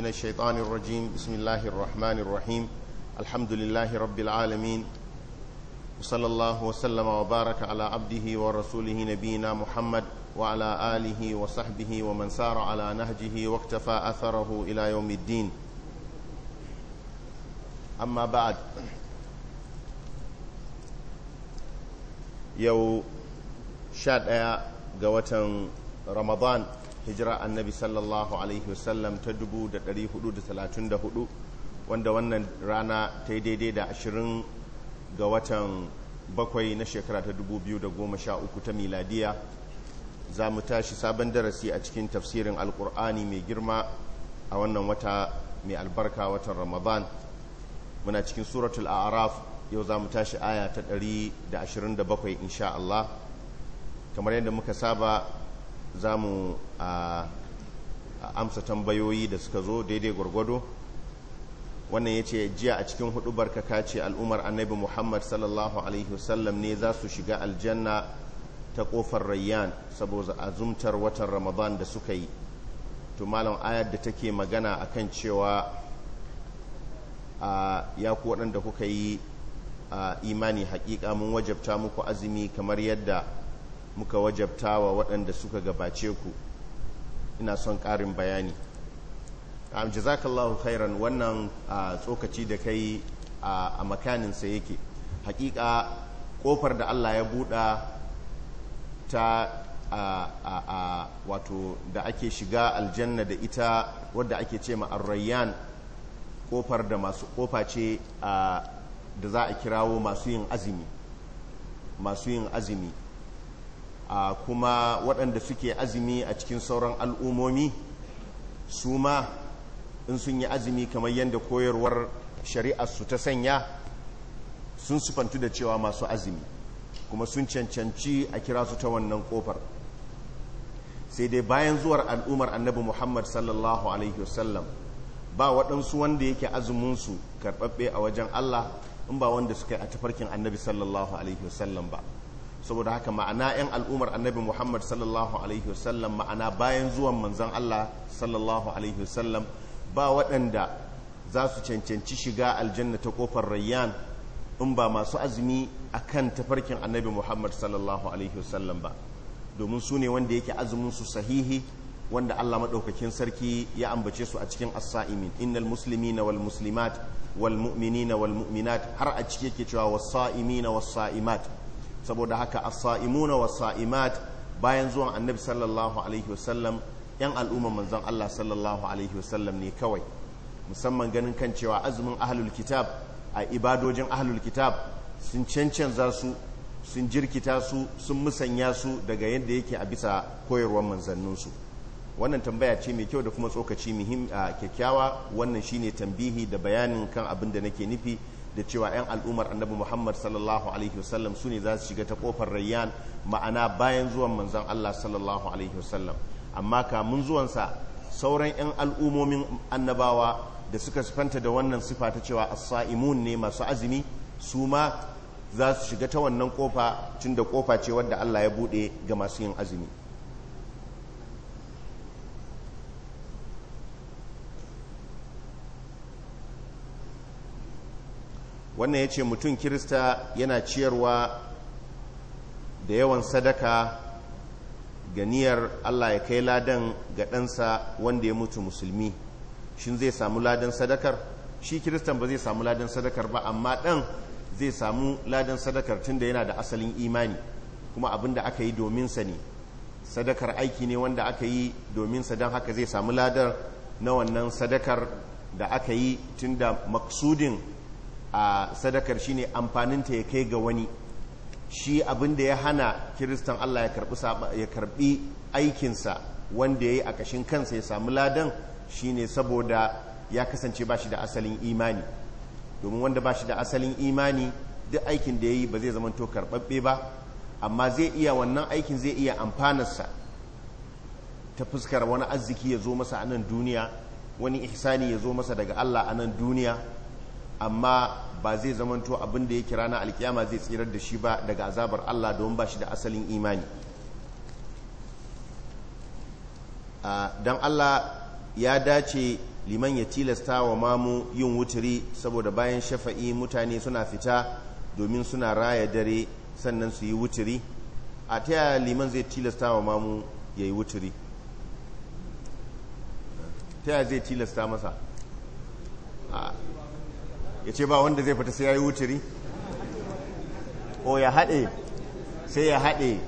من الشيطان الرجيم بسم الله الرحمن الرحيم الحمد لله رب العالمين وصلى الله وسلم وبارك على عبده ورسوله نبينا محمد وعلى آله وصحبه ومن سار على نهجه واكتفى أثره إلى يوم الدين أما بعد يو شاد ga watan ramadan hijira annabi sallallahu alaihi wasallam ta 434 wanda wannan rana ta yi daidai da 20 ga watan bakwai na shekara ta 2013 ta miladiya za mu tashi sabon darasi a cikin tafsirin alkur'ani mai girma a wannan wata mai albarka watan ramadan muna cikin suratul a'raf yau za mu tashi aya ta 127 insha Allah kamar yadda muka saba za mu amsa tambayoyi da suka zo daidai gwargwado wannan ya ce jiya a cikin hudu ka ce al'umar annabi muhammad sallallahu alaihi wasallam ne za su shiga aljanna ta kofar rayyan saboda azumtar watan ramadan da suka yi to malam ayar da take magana akan cewa ya ku waɗanda kuka yi imani hakika mun wajabta muku azumi kamar yadda muka wajabta wa waɗanda suka gabace ku ina son ƙarin bayani jazakallahu khairan wannan tsokaci da kai a makaninsa yake hakika ƙofar da Allah ya buɗa ta wato da ake shiga aljanna da ita wadda ake ce ma arrayyan kofar da masu kofa ce da za a kirawo masu yin azumi masu yin azumi kuma waɗanda suke azumi a cikin sauran al'umomi su ma in sun yi azumi kamar yadda koyarwar shari'ar su ta sanya sun sufantu da cewa masu azumi kuma sun cancanci a kira su ta wannan kofar sai dai bayan zuwar al'ummar annabi muhammad sallallahu alaihi wasallam ba waɗansu wanda yake azuminsu karɓaɓɓe a wajen allah in ba wanda suka yi a tafarkin annabi sallallahu alaihi wasallam ba saboda haka ma'ana 'yan al'ummar annabi muhammad sallallahu alaihi wasallam ma'ana bayan zuwan manzan allah sallallahu alaihi wasallam ba waɗanda za su cancanci shiga aljanna ta kofar rayyan in ba masu azumi a kan tafarkin annabi muhammad sallallahu alaihi wasallam ba domin su ne wanda yake su sahihi wanda allah maɗaukakin sarki ya ambace su a cikin as-sa'imin innal muslimina wal muslimat wal mu'minina wal mu'minat har a ciki yake cewa wasa'imina wasa'imat saboda haka a saimuna wa saimat bayan zuwan annabi sallallahu alaihi wasallam yan al'umman manzan Allah sallallahu alaihi wasallam ne kawai musamman ganin kan cewa azumin ahlul kitab a ibadojin ahalul kitab sun cancanza su sun jirkita su sun musanya su daga yadda yake a bisa koyarwar manzanninsu wannan tambaya ce mai kyau da kuma tsokaci muhim a kyakkyawa wannan shine tambihi da bayanin kan abin da nake nufi da cewa 'yan al'ummar annabi muhammad sallallahu alaihi wasallam su ne za su shiga ta kofar rayyan ma'ana bayan zuwan manzon allah sallallahu alaihi wasallam amma kamun zuwansa sauran 'yan al'ummomin annabawa da suka sifanta da wannan sifa ta cewa as-sa'imun ne masu azumi su ma za su shiga ta wannan kofa tun da kofa ce wadda allah ya bude ga masu yin azumi wannan ya ce mutum kirista yana ciyarwa da yawan sadaka ga niyar allah ya kai ladan ga ɗansa wanda ya mutu musulmi shi zai samu ladan sadakar shi kiristan ba zai samu ladan sadakar ba amma ɗan zai samu ladan sadakar tunda yana da asalin imani kuma abin da aka yi dominsa ne sadakar aiki ne wanda aka yi dominsa don haka zai samu ladar na wannan sadakar da aka yi tunda maksudin a sadakar shine amfaninta ya kai ga wani shi abin da ya hana kiristan Allah ya karbi aikinsa wanda ya yi a kashin kansa ya samu ladan shine saboda ya kasance ba shi da asalin imani domin wanda ba shi da asalin imani duk aikin da ya yi ba zai zama zamanto karbabbe ba amma zai iya wannan aikin zai iya amfanarsa ta fuskar wani arziki ya zo masa a nan duniya wani ihsani ya zo masa daga Allah a nan duniya amma ba zai zamanto abin da ya kira na alkiyama zai tsirar da shi ba daga azabar Allah don ba shi da asalin imani don Allah ya dace liman ya tilasta wa mamu yin wuturi saboda bayan shafa'i mutane suna fita domin suna raya dare sannan su yi wuturi a ta liman zai tilasta wa mamu ya yi wuturi ta zai tilasta masa ya ce ba wanda zai fita sai ya yi wuturi o ya haɗe sai ya haɗe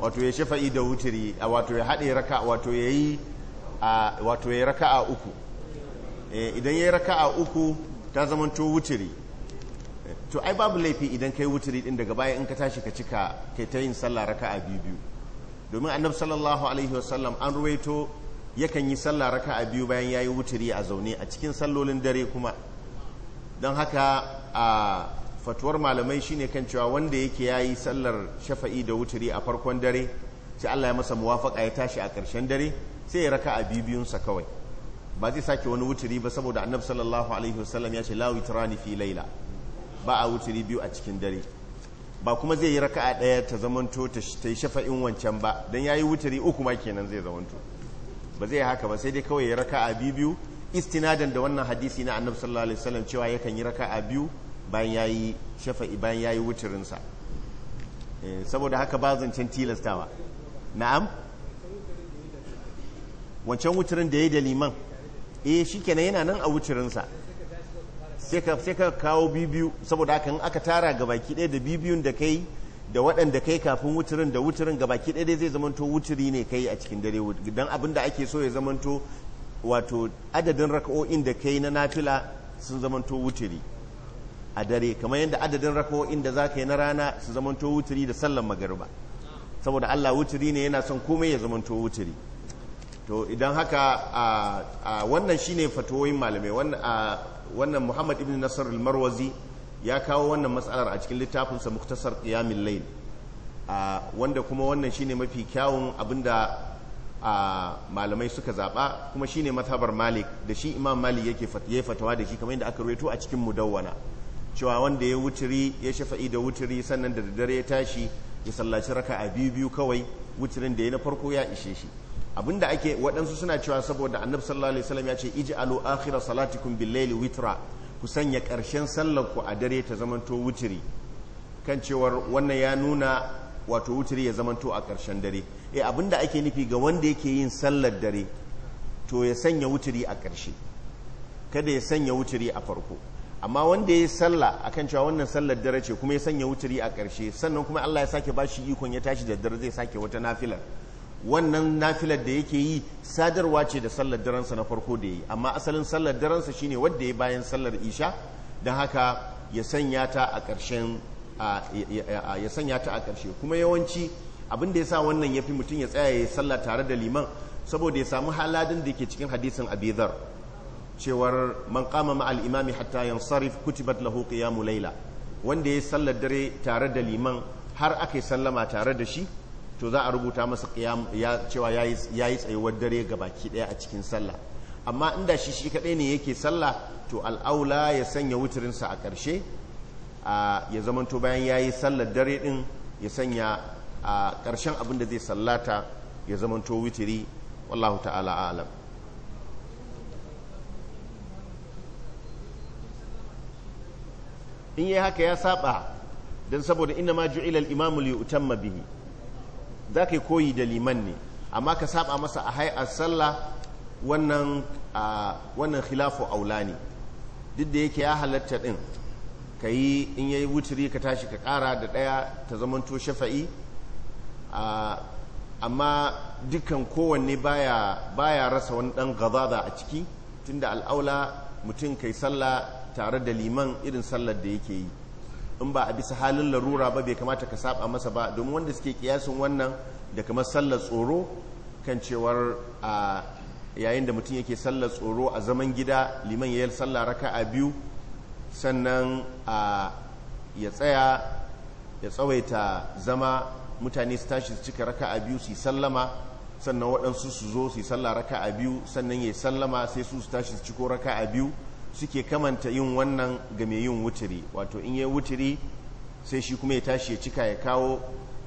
wato ya shafa'i da wuturi wato ya haɗe raka wato ya yi wato ya yi raka a uku eh, idan ya yi raka a uku ta zamanto wuturi to ai babu laifi idan kai wuturi din daga baya in ka tashi ka cika kai ta yin sallah a biyu biyu domin annabi sallallahu alaihi wasallam an ruwaito yakan yi sallah a biyu bayan ya yi wuturi a zaune a cikin sallolin dare kuma don haka a fatuwar malamai shine kan cewa wanda yake yayi sallar shafa'i da wuturi a farkon dare sai Allah ya masa muwafaka ya tashi a ƙarshen dare sai ya raka a bibiyunsa kawai ba zai sake wani wuturi ba saboda annabi sallallahu alaihi wasallam ya ce la witrani fi laila ba a wuturi biyu a cikin dare ba kuma zai yi raka'a ɗaya ta zamanto ta yi shafa'in wancan ba don ya yi wuturi uku ma kenan zai zamanto ba zai haka ba sai dai kawai ya raka'a biyu istinadan da wannan hadisi na annabi sallallahu alaihi wasallam cewa yakan yi raka'a biyu bayan yayi shafa'i bayan yayi wuturin sa eh, saboda haka ba zancen tilastawa na'am wancan wuturin da yayi da liman eh shikenan yana nan a wuturin sa sai ka sai ka kawo bibiyu saboda haka in aka tara ga baki ɗaya da bibiyun da kai da waɗanda kai kafin wuturin da wuturin gabaki ɗaya zai zamanto wuturi ne kai a cikin dare don abin da ake so ya zamanto wato adadin raka'o'in da kai na nafila sun zamanto wuturi a dare kamar yadda adadin raka'o'in da za ka yi na rana sun zamanto wuturi da sallan magarba saboda Allah wuturi ne yana son komai ya zamanto wuturi to idan haka a wannan shine fatoyin malamai wannan Muhammad ibn Nasar marwazi ya kawo wannan matsalar a cikin littafinsa Muktasar Qiyamul Layl wanda kuma wannan shine mafi kyawun abinda a malamai suka zaɓa kuma shine mazhabar malik da shi imam malik yake ya fatawa da shi kamar yadda aka rawaito a cikin mudawwana cewa wanda ya wuturi ya shafa'i da wuturi sannan da dare ya tashi ya sallaci raka a biyu biyu kawai wuturin da ya na farko ya ishe shi abinda ake waɗansu suna cewa saboda annabi sallallahu alaihi wasallam ya ce ij'alu akhira salatikum bil-layli witra ku sanya ƙarshen sallar ku a dare ta zamanto wuturi kan cewar wannan ya nuna wato wuturi ya zamanto a ƙarshen dare eh abinda ake nufi ga wanda yake yin sallar dare to ya sanya wuturi a ƙarshe kada ya sanya wuturi a farko amma wanda ya yi sallah kan cewa wannan sallar dare ce kuma ya sanya wuturi a ƙarshe sannan kuma Allah ya sake shi ikon ya tashi da dare zai sake wata nafilar wannan nafilar da yake yi sadarwa ce da sallar daransa na farko da yi amma asalin sallar daransa shine wanda ya bayan sallar isha don haka ya sanya ta a ƙarshen ya sanya ta a ƙarshe kuma yawanci abin da ya sa wannan ya fi mutum ya tsaya ya salla tare da liman saboda ya samu haladin da ke cikin hadisin abizar cewar man kama ma imami hatta sarif kutibat lahu qiyamu mulaila wanda ya sallar dare tare da liman har aka sallama tare da shi to za a rubuta masa qiyam ya cewa yayi yayi tsayuwar dare gabaki daya a cikin sallah amma inda shi shi kadai ne yake sallah to al'aula ya sanya wuturinsa a ƙarshe ya zamanto bayan ya yi sallar dare din ya sanya a ƙarshen abin da zai sallata ya zamanto witiri wallahu ta'ala alam in yi haka ya saba don saboda ina ma ju'ilal imamul yi bihi za ka yi koyi da liman ne amma ka saba masa a hai'ar sallah wannan wannan khilafu aula ne duk da yake ya halatta din ka yi in yi wuturi ka tashi ka kara da daya ta zamanto shafa'i amma dukkan kowanne baya baya rasa wani dan gazaza a ciki tunda al'aula mutum kai sallah tare da liman irin sallar da yake yi in ba a bisa halin larura ba bai kamata ka saba masa ba domin wanda suke kiyasin wannan da kamar sallar tsoro kan cewar a yayin da mutum yake sallar tsoro a zaman gida liman ya yi sallah raka'a biyu sannan a ya tsaya ya tsawaita zama mutane su tashi su cika raka'a biyu su yi sallama sannan waɗansu su zo su yi sallah raka'a biyu sannan ya yi sallama sai su su tashi su ciko a biyu suke kamanta yin wannan ga yin wuturi wato in ya wuturi sai shi kuma ya tashi ya cika ya kawo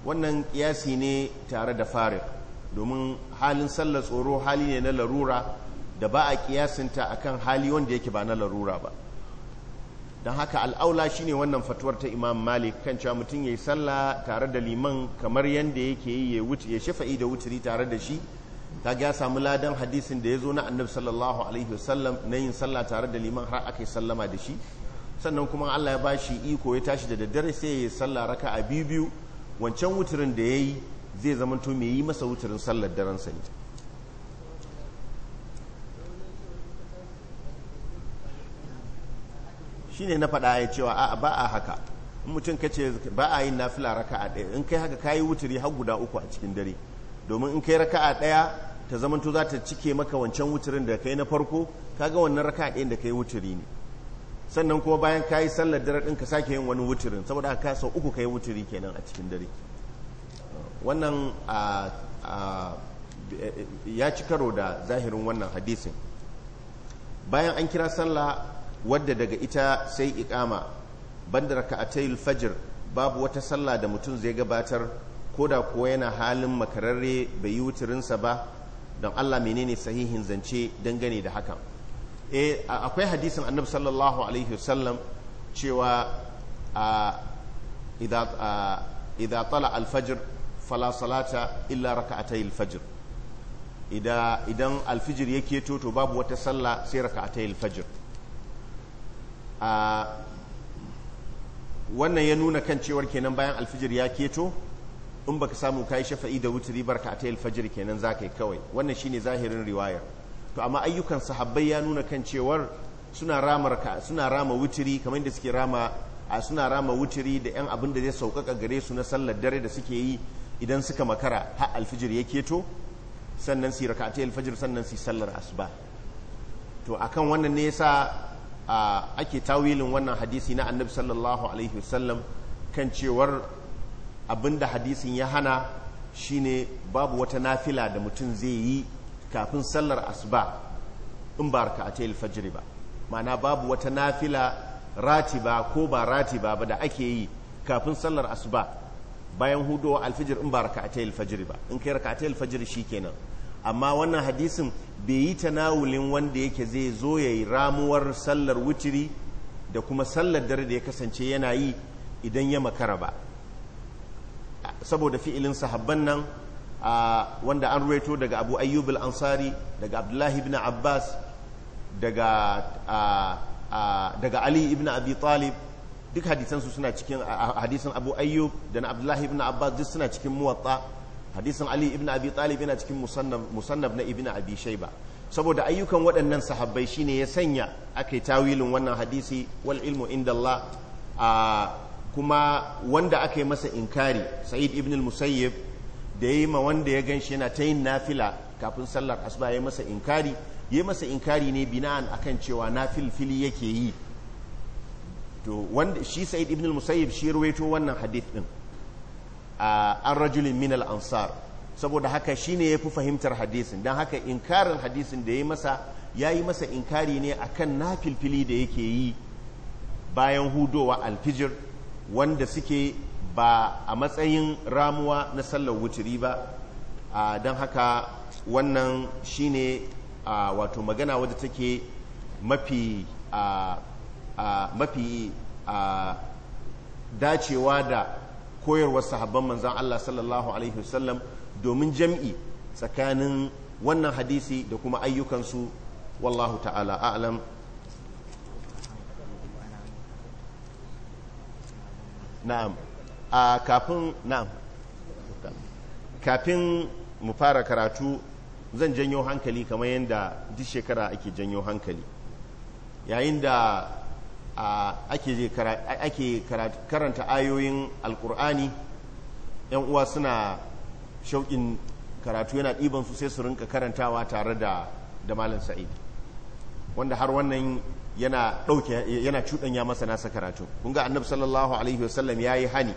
wannan kiyasi ne tare da farik domin halin sallar tsoro hali ne na larura da ba a kiyasinta akan hali wanda yake ba na larura ba don haka al'aula shine wannan fatuwar ta imam malik kan cewa mutum ya yi sallah tare da liman kamar yadda yake yi ya shafa'i da wuturi tare da shi ta ya samu ladan hadisin da ya zo na annabi sallallahu alaihi wasallam na yin sallah tare da liman har aka yi sallama da shi sannan kuma allah ya ba shi iko ya tashi da daddare sai ya yi sallah raka a biyu biyu wancan wuturin da ya yi zai zama zamanto mai yi masa wuturin sallar daren sa ne ne na faɗa ya cewa a ba a haka in mutum ka ce ba a yin nafila raka'a ɗaya in kai haka kayi wuturi har guda uku a cikin dare domin in kai raka'a ɗaya ta zamanto za ta cike maka wancan wuturin da kai na farko ka ga wannan raka'a ɗayan da kai wuturi ne sannan kuma bayan kayi sallar dare ɗin ka sake yin wani wuturin saboda haka sau uku kai wuturi kenan a cikin dare wannan ya ci karo da zahirin wannan hadisin bayan an kira sallah wadda daga ita sai ikama banda tayil fajir babu wata sallah da mutum zai gabatar ko da kuwa yana halin makararre bai yi wuturinsa ba don Allah menene sahihin zance dangane da hakan eh akwai hadisin annabi sallallahu alaihi wasallam cewa idha tala alfajir fala salata illa tayil fajir idan alfijir ya keto to babu wata sallah sai tayil fajir a wannan ya nuna kan cewar kenan bayan alfijir ya keto in baka samu kai shafa'i da wuturi barka ta alfajir kenan za ka yi kawai wannan shine zahirin riwaya to amma ayyukan sahabbai ya nuna kan cewar suna rama suna rama wuturi kamar yadda suke rama a suna rama wuturi da yan abin da zai saukaka gare su na sallar dare da suke yi idan suka makara har alfijir ya keto sannan su raka'atai alfajir sannan su sallar asuba to akan wannan ne yasa ake tawilin wannan hadisi na annabi sallallahu alaihi wasallam kan cewar abinda hadisin ya hana shine babu wata nafila da mutum zai yi kafin sallar asuba in ba raka'atai fajiri ba ma'ana babu wata nafila ratiba ko ba ratiba ba da ake yi kafin sallar asuba bayan hudowa alfijir in ba raka'atai fajiri ba in kai raka'atai fajiri shikenan amma wannan hadisin bai yi tanawulin wanda yake zai zo ya yi ramuwar sallar wuciri da kuma sallar dare da ya kasance yana yi idan ya makara ba saboda fi'ilin sahabban nan wanda an ruwaito daga abu ayyub al-ansari daga abdullahi ibn abbas daga ali ibn abi talib duk hadisansu suna cikin hadisan abu ayyub da na abdullahi ibn abbas duk suna cikin muwatta hadisin ali ibn abi talib yana cikin musannaf na ibn abi shayba saboda ayyukan waɗannan sahabbai shine ya sanya aka yi tawilin wannan hadisi wal ilmu inda Allah kuma wanda aka yi masa inkari sa'id ibn musayyib da ya yi ma wanda ya ganshi yana ta yin nafila kafin sallar asuba ya masa inkari ya masa inkari ne bina'an akan cewa fili yake yi to wanda shi sa'id ibn al-musayyib shi ruwaito wannan hadith din an rajulin minal ansar saboda haka shine ya fi fahimtar hadisin don haka inkarin hadisin da ya masa ya yi masa inkari ne a akan nafilfili da yake yi bayan hudowa alfijir wanda suke ba a matsayin ramuwa na sallar wuturi ba don haka wannan shine wato magana wadda take mafi mafi dacewa da koyarwar sahabban manzan Allah sallallahu alaihi wasallam domin jam'i tsakanin wannan hadisi da kuma ayyukansu wallahu ta'ala a’alam na'am a kafin na'am kafin mu fara karatu zan janyo hankali kamar yadda duk shekara ake janyo hankali yayin da ake karanta ayoyin alkur'ani yan uwa suna shauƙin karatu yana ɗiban su sai su rinka karantawa tare da da sa'id wanda har wannan yana ɗauke yana cuɗanya masa nasa karatu ƙunga ga sallallahu alaihi wasallam ya yi hani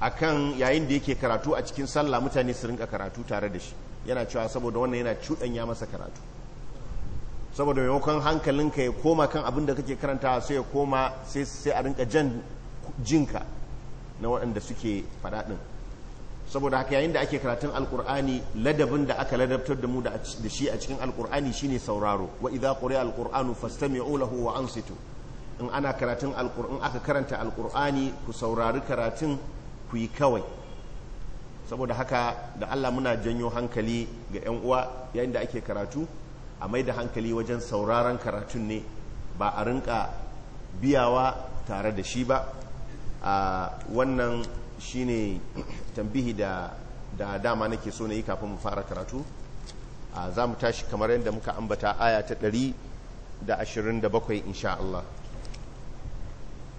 a kan yayin da yake karatu a cikin sallah mutane su rinka karatu tare da shi yana cewa saboda wannan yana cuɗanya masa karatu saboda maimakon hankalinka ya koma kan abin da kake karantawa sai ya koma sai a rinka jan jinka na waɗanda suke faɗaɗin saboda haka yayin da ake karatun alkur'ani ladabin da aka ladabtar da mu da shi a cikin alkur'ani shine sauraro wa idza quri'a fasta fastami'u lahu wa ansitu in ana karatun alkur'an aka karanta alkur'ani ku saurari karatun ku yi kawai saboda haka da Allah muna janyo hankali ga yan uwa yayin da ake karatu a mai da hankali wajen sauraron karatun ne ba a rinka biyawa tare da shi ba a wannan shine tambihi da da dama nake so na yi kafin mu fara karatu a za mu tashi kamar yadda muka ambata aya ta 127 insha Allah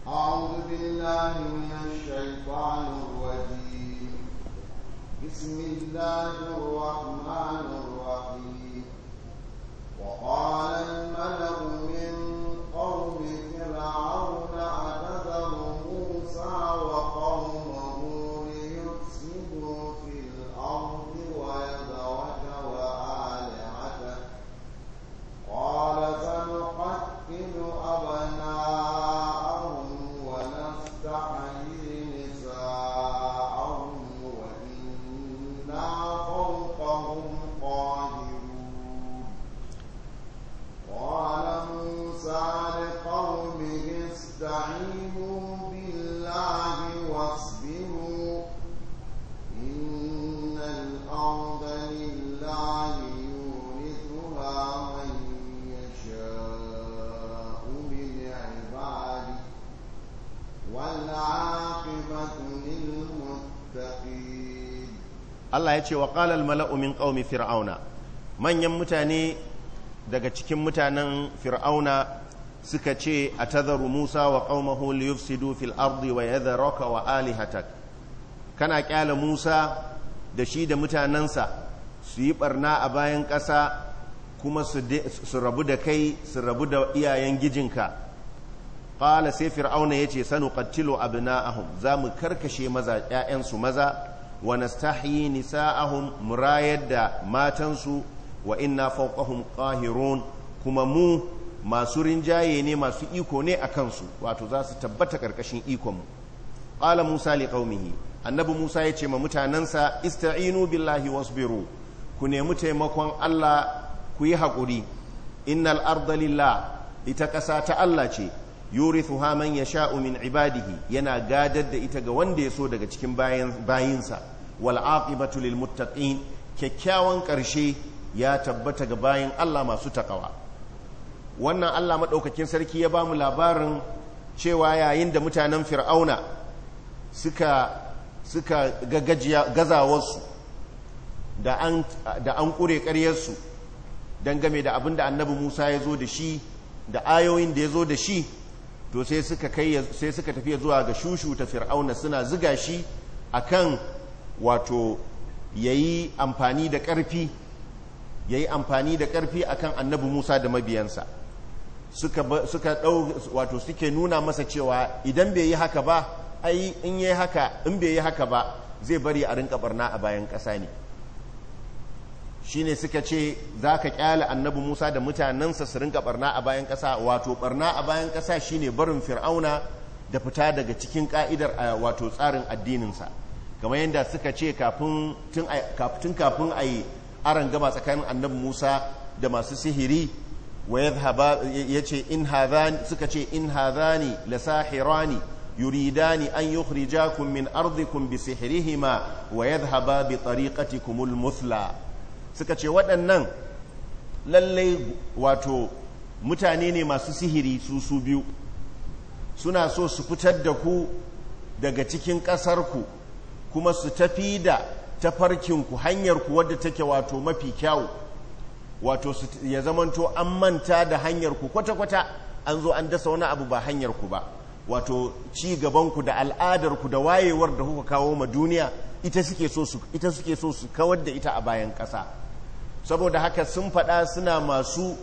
أعوذ بالله من الشيطان الرجيم بسم الله الرحمن الرحيم وقال الملأ من قوم فرعون أتذر موسى Allah ya ce wa qala mala'u min fir'auna manyan mutane daga cikin mutanen fir'auna suka ce a tazaru Musa wa qaumahu liyufsidu fil ardi wa roka wa hatak kana kyala Musa da shi da mutanensa su yi barna a bayan ƙasa kuma su rabu da kai su rabu da iyayen gijinka ƙala sai fir'auna ya ce sanu ƙattilo abina'ahum za mu karkashe maza ‘ya'yansu maza wa nastahyi nisa'ahum murayar da matansu wa inna fawqahum qahirun kuma mu masu rinjaye ne masu iko ne a kansu wato za su tabbata karkashin ikon mu qala musa li qaumihi annabi musa ya ce ma mutanansa ista'inu billahi wasbiru ku nemi taimakon Allah ku yi haƙuri innal arda lillah ita ƙasa ta Allah ce yurithuha man yasha'u min ibadihi yana gadar da ita ga wanda ya so daga cikin bayinsa wal aqibatu lil muttaqin kyakkyawan karshe ya tabbata ga bayan Allah masu takawa wannan Allah madaukakin sarki ya ba mu labarin cewa yayin da mutanen fir'auna suka suka gagajiya gazawarsu da an ƙure an kure ƙaryarsu dangame da abin da annabi Musa ya zo da shi da ayoyin da ya zo da shi to sai suka kai sai tafi zuwa ga shushu ta fir'auna suna ziga shi akan wato yayi amfani da ƙarfi yayi amfani da karfi akan annabi Musa da mabiyansa suka dau wato suke nuna masa cewa idan bai yi haka ba ai in yayi haka in bai yi haka ba zai bari a rinka barna a bayan ƙasa ne shine suka ce za ka kyale annabi musa da mutanensa su rinka barna a bayan ƙasa wato barna a bayan ƙasa shine barin fir'auna da fita daga cikin ka'idar wato tsarin addininsa kamar yadda suka ce kafin kafin a yi aron gama tsakanin annabi musa da masu sihiri ya ce in suka ce in hazani la sahirani yuridani an ku min arzikun bi sihirihima wa yadhhaba bi tariqatikum al suka ce waɗannan lallai wato mutane ne masu sihiri su su biyu suna so su fitar da ku daga cikin ƙasarku kuma su tafi da tafarkinku hanyarku wadda take wato mafi kyawu wato ya zamanto an manta da hanyarku kwata-kwata an zo an dasa wani abu ba hanyarku ba wato ci gabanku da al'adarku da wayewar da kuka kawo ma duniya ita suke so su kawar da ita a bayan ƙasa saboda haka sun faɗa suna masu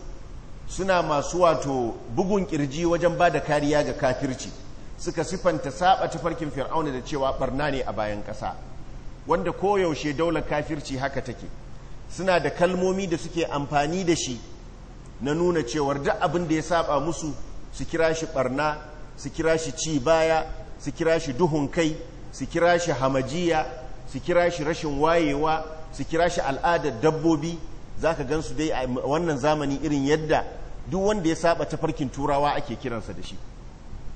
suna masu wato bugun kirji wajen ba da kariya ga kafirci suka sifanta saba tafarkin fir'auna da cewa barna ne a bayan ƙasa wanda koyaushe daular kafirci haka take suna da kalmomi da suke amfani da shi na nuna cewar duk abin da ya saba musu su kira shi barna su kira shi ci baya su kira shi duhun kai su kira shi hamajiya su kira shi rashin wayewa su kira shi al'adar dabbobi za ka gansu dai a wannan zamani irin yadda duk wanda ya saba tafarkin turawa ake kiransa da shi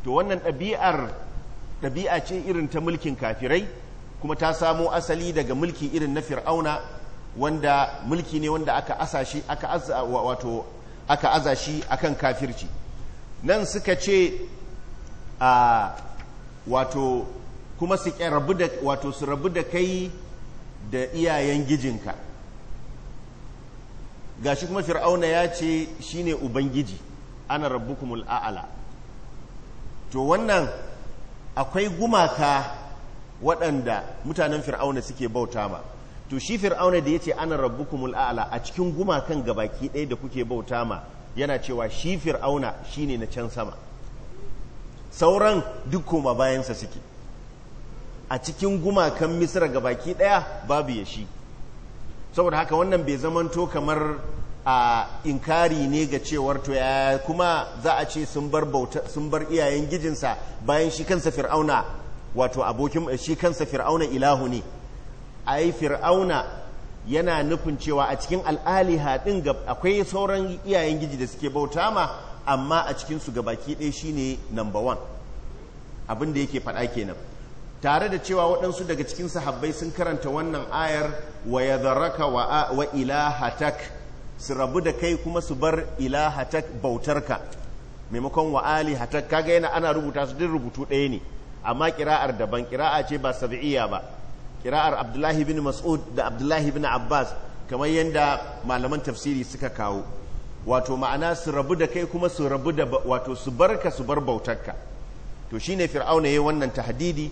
to wannan ɗabi'ar ɗabi'a ce irin ta mulkin kafirai kuma ta samo asali daga mulki irin na fir'auna wanda mulki ne wanda aka asa shi aka aza shi akan kafirci nan suka ce a wato kuma su rabu da kai da iyayen gijinka shi kuma fir'auna ya ce shi ne ubangiji ana rabbukumul a'ala to wannan akwai gumaka waɗanda mutanen fir'auna suke bauta ma to shi fir'auna da ya ce ana rabbukumul a'ala a cikin gumakan gabaki ɗaya da kuke bauta ma yana cewa shi fir'auna shi ne na can sama sauran duk koma bayansa suke a cikin gumakan Misira ga baki daya babu ya shi saboda haka wannan bai zamanto kamar a inkari ne ga cewar to ya kuma za a ce sun bar iyayen gijinsa bayan shi kansa fir'auna wato abokin shi kansa fir'auna ilahu ne ai fir'auna yana nufin cewa a cikin al'ali haɗin ga akwai sauran iyayen giji da suke bauta ma amma a cikinsu ga baki ɗaya ne number one abin yake faɗa kenan tare da cewa waɗansu daga cikin sahabbai sun karanta wannan ayar wa ya wa wa ilahatak su rabu da kai kuma su bar ilahatak bautarka maimakon wa alihatak kaga yana ana rubuta su duk rubutu ɗaya ne amma kira'ar daban kira'a ce ba sab'iyya ba kira'ar Abdullahi bin Mas'ud da Abdullahi bin Abbas kamar yadda malaman tafsiri suka kawo wato ma'ana su rabu da kai kuma su rabu da wato su barka su bar bautarka to shine fir'auna yayin wannan tahdidi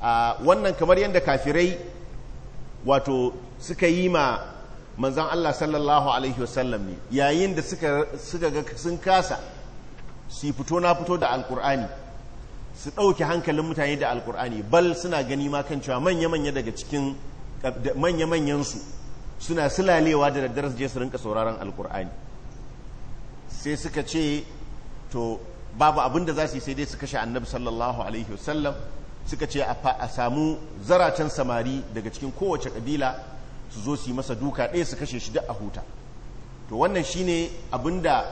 wannan kamar yadda kafirai wato suka yi ma manzan Allah sallallahu alaihi wasallam ne yayin da suka ga sun kasa su fito na fito da alkur'ani su ɗauke hankalin mutane da alkur'ani bal suna gani ma kan cewa manya-manya daga cikin manya-manyansu suna silalewa da daddare su je su rinka sauraron alkur'ani sai suka ce to babu abin da za su yi sai dai su kashe annabi sallallahu alaihi wasallam suka ce a samu zaracen samari daga cikin kowace kabila su zo su yi masa duka ɗaya su kashe shi duk a huta to wannan shine da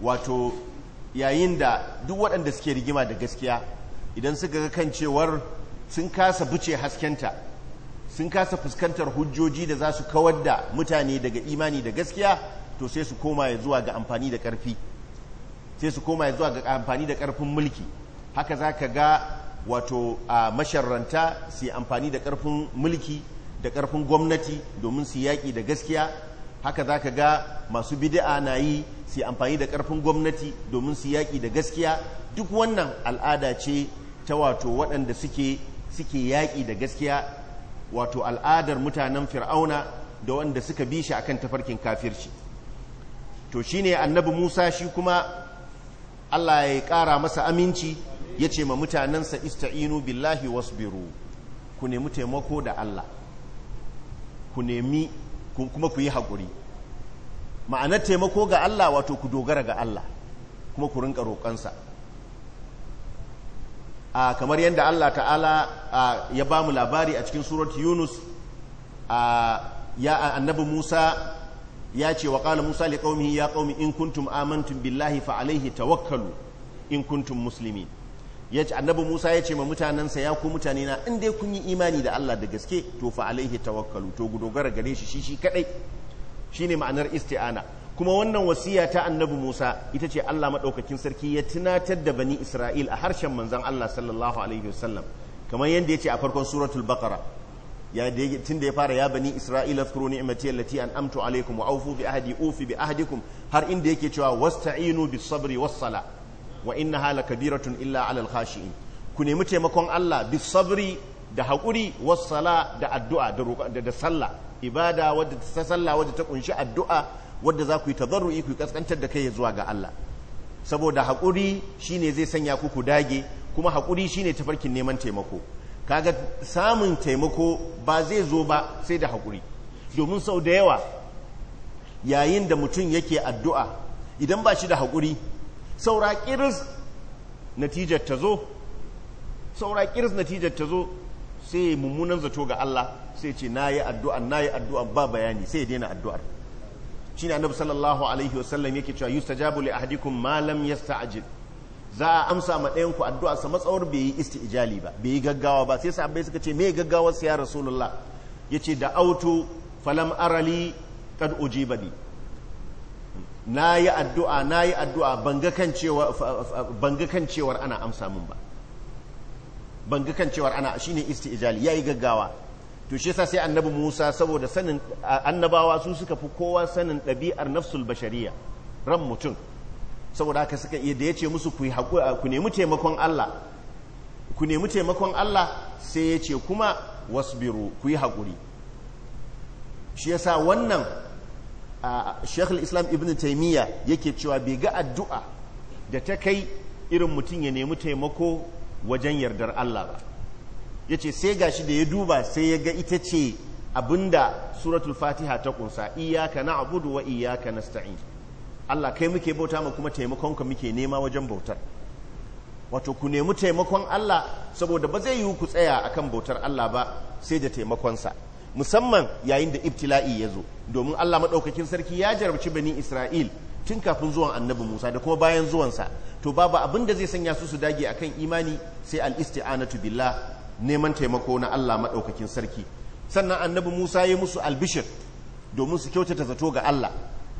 wato yayin da duk waɗanda suke rigima da gaskiya idan suka ga kan cewar sun kasa buce haskenta sun kasa fuskantar hujjoji da za su kawar da mutane daga imani da gaskiya to sai su koma ya zuwa ga amfani da ƙarfi sai su koma ya zuwa ga amfani da ƙarfin mulki haka za ka ga wato a masharranta su amfani da ƙarfin mulki da ƙarfin gwamnati domin su yaƙi da gaskiya haka za ka ga masu bida'a na yi su amfani da ƙarfin gwamnati domin su yaƙi da gaskiya duk wannan al'ada ce ta wato waɗanda suke suke yaƙi da gaskiya wato al'adar mutanen fir'auna da wanda suka bi shi akan tafarkin kafirci to shine annabi musa shi kuma allah ya ƙara masa aminci ya ce ma mutanensa ista'inu billahi wasbiru ku nemi taimako da Allah ku nemi kuma ku yi haƙuri ma'anar taimako ga Allah wato ku dogara ga Allah kuma ku rinka roƙonsa a kamar yadda Allah ta'ala ya ba mu labari a cikin surat yunus a ya annabi musa ya ce wa ƙala musa liƙaumi ya ƙaumi in kuntum amantum billahi fa alaihi tawakkalu in kuntum muslimin yace annabi Musa ya ce ma mutanansa ya ku mutane na in dai kun yi imani da Allah da gaske to fa alaihi tawakkalu to dogara gare shi shi shi kadai shine ma'anar isti'ana kuma wannan wasiya ta annabi Musa ita ce Allah maɗaukakin sarki ya tunatar da bani Isra'il a harshen manzon Allah sallallahu alaihi wasallam kamar yadda ya ce a farkon suratul baqara ya tun da ya fara ya bani isra'ila zkuru ni'mati allati an'amtu alaykum wa aufu bi ahdi ufi bi ahdikum har inda yake cewa wasta'inu bis sabri was sala wa inna hala kabiratun illa alal khashi'in ku nemi taimakon Allah bi sabri da haƙuri was sala da addu'a da sallah ibada wadda ta sallah wadda ta kunshi addu'a wadda za ku yi tazarru'i ku kaskantar da kai zuwa ga Allah saboda haƙuri shine zai sanya ku ku dage kuma haƙuri shine tafarkin neman taimako kaga samun taimako ba zai zo ba sai da haƙuri domin sau da yawa yayin da mutum yake addu'a idan ba shi da haƙuri saura natijar ta zo natijar ta zo sai mummunan zato ga Allah sai ce na yi addu'a na yi addu'a ba bayani sai ya daina addu'ar shi ne annabi sallallahu alaihi wasallam yake cewa yustajabu li ahadikum malam lam yasta'jil za a amsa ma ɗayanku ku addu'a sa matsawar bai yi ijali ba bai yi gaggawa ba sai sahabbai suka ce me gaggawar sa ya rasulullah yace da auto falam arali kad ne. na yi addu'a na yi addu'a ban kan cewar ana amsa min ba ban kan cewar ana shine ya yi gaggawa to shi sai annabi Musa saboda sanin annabawa su suka fi kowa sanin ɗabi'ar nafsul bashariya ran mutum saboda haka suka iya da yace musu ku nemi taimakon Allah ku nemi taimakon Allah sai yace kuma wasu biro ku yi haƙuri shi yasa wannan al islam ibn taimiyya yake cewa bai ga addu'a da ta kai irin mutum ya nemi taimako wajen yardar Allah ba ya ce sai shi da ya duba sai ya ga ita ce abinda suratul fatiha ta kunsa iyaka na abudu wa iyaka na Allah kai muke bauta ma kuma taimakon ka muke nema wajen bautar wato ku nemi taimakon Allah saboda ba zai yiwu ku tsaya akan bautar Allah ba sai da taimakonsa musamman yayin da ibtila'i ya zo domin Allah maɗaukakin sarki ya jarabci bani Isra'il tun kafin zuwan annabi Musa da kuma bayan zuwansa to babu abin da zai sanya su su dage akan imani sai al-isti'anatu billah neman taimako na Allah maɗaukakin sarki sannan annabi Musa ya musu albishir domin su kyautata zato ga Allah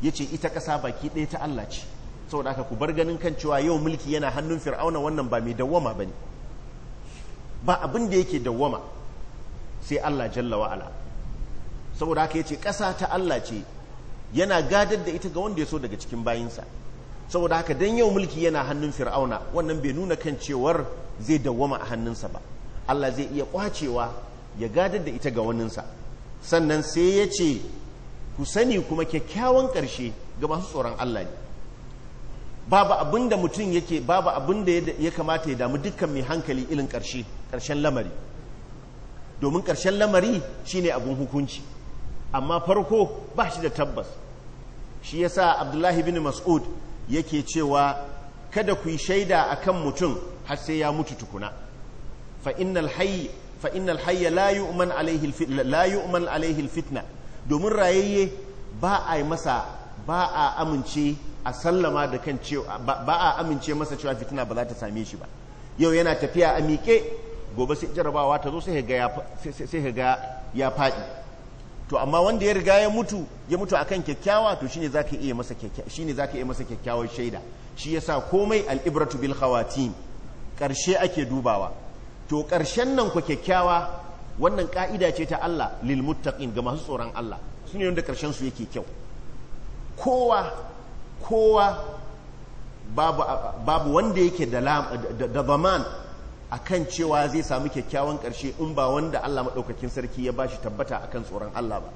ya ce ita ƙasa baki ɗaya ta Allah ce saboda haka ku bar ganin kan cewa yau mulki yana hannun fir'auna wannan ba mai dawwama ba ne ba abin da yake dawwama sai Allah jalla wa'ala saboda haka ya ce ƙasa ta Allah ce yana gadar da ita ga wanda ya so daga cikin bayinsa saboda haka dan yau mulki yana hannun fir'auna wannan bai nuna kan cewar zai dawwama a hannunsa ba Allah zai iya kwacewa ya gadar da ita ga waninsa sannan sai ya ce ku sani kuma kyakkyawan ƙarshe ga masu tsoron Allah ne babu abin da mutum yake babu abin da ya kamata ya damu dukkan mai hankali ilin ƙarshe ƙarshen lamari domin ƙarshen lamari shine abin hukunci amma farko ba shi da tabbas shi ya sa abdullahi bin mas'ud yake cewa kada ku yi shaida a kan mutum har sai ya mutu tukuna fa innal hayy la yi umar alaihil fitna domin rayayye ba a masa ba a amince a sallama da kan cewa ba a amince masa cewa fitina ba za ta same shi ba yau yana tafiya a miƙe gobe sai jarabawa ta zo sai ga ya faɗi to amma wanda ya riga ya mutu ya mutu akan kyakkyawa to shine zaka iya masa shine zaka iya masa kyakkyawar shaida shi yasa komai al-ibratu bil khawatim karshe ake dubawa to karshen nan ku kyakkyawa wannan ka'ida ce ta Allah lil muttaqin ga masu tsoron Allah sune wanda karshen su yake kyau kowa kowa babu babu wanda yake da da zaman akan cewa zai samu kyakkyawan ƙarshe in ba wanda Allah maɗaukakin sarki ya shi tabbata akan tsoron Allah ba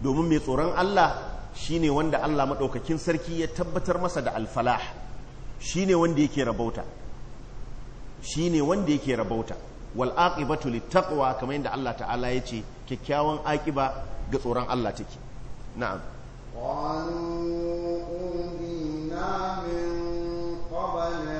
domin mai tsoron Allah shi ne wanda Allah maɗaukakin sarki ya tabbatar masa da alfalah ne wanda yake rabauta ne wanda yake rabauta wal aqibatu littaqwa kamar yadda Allah ta'ala ya ce kyakkyawan aƙiba ga tsoron Allah take na'am na min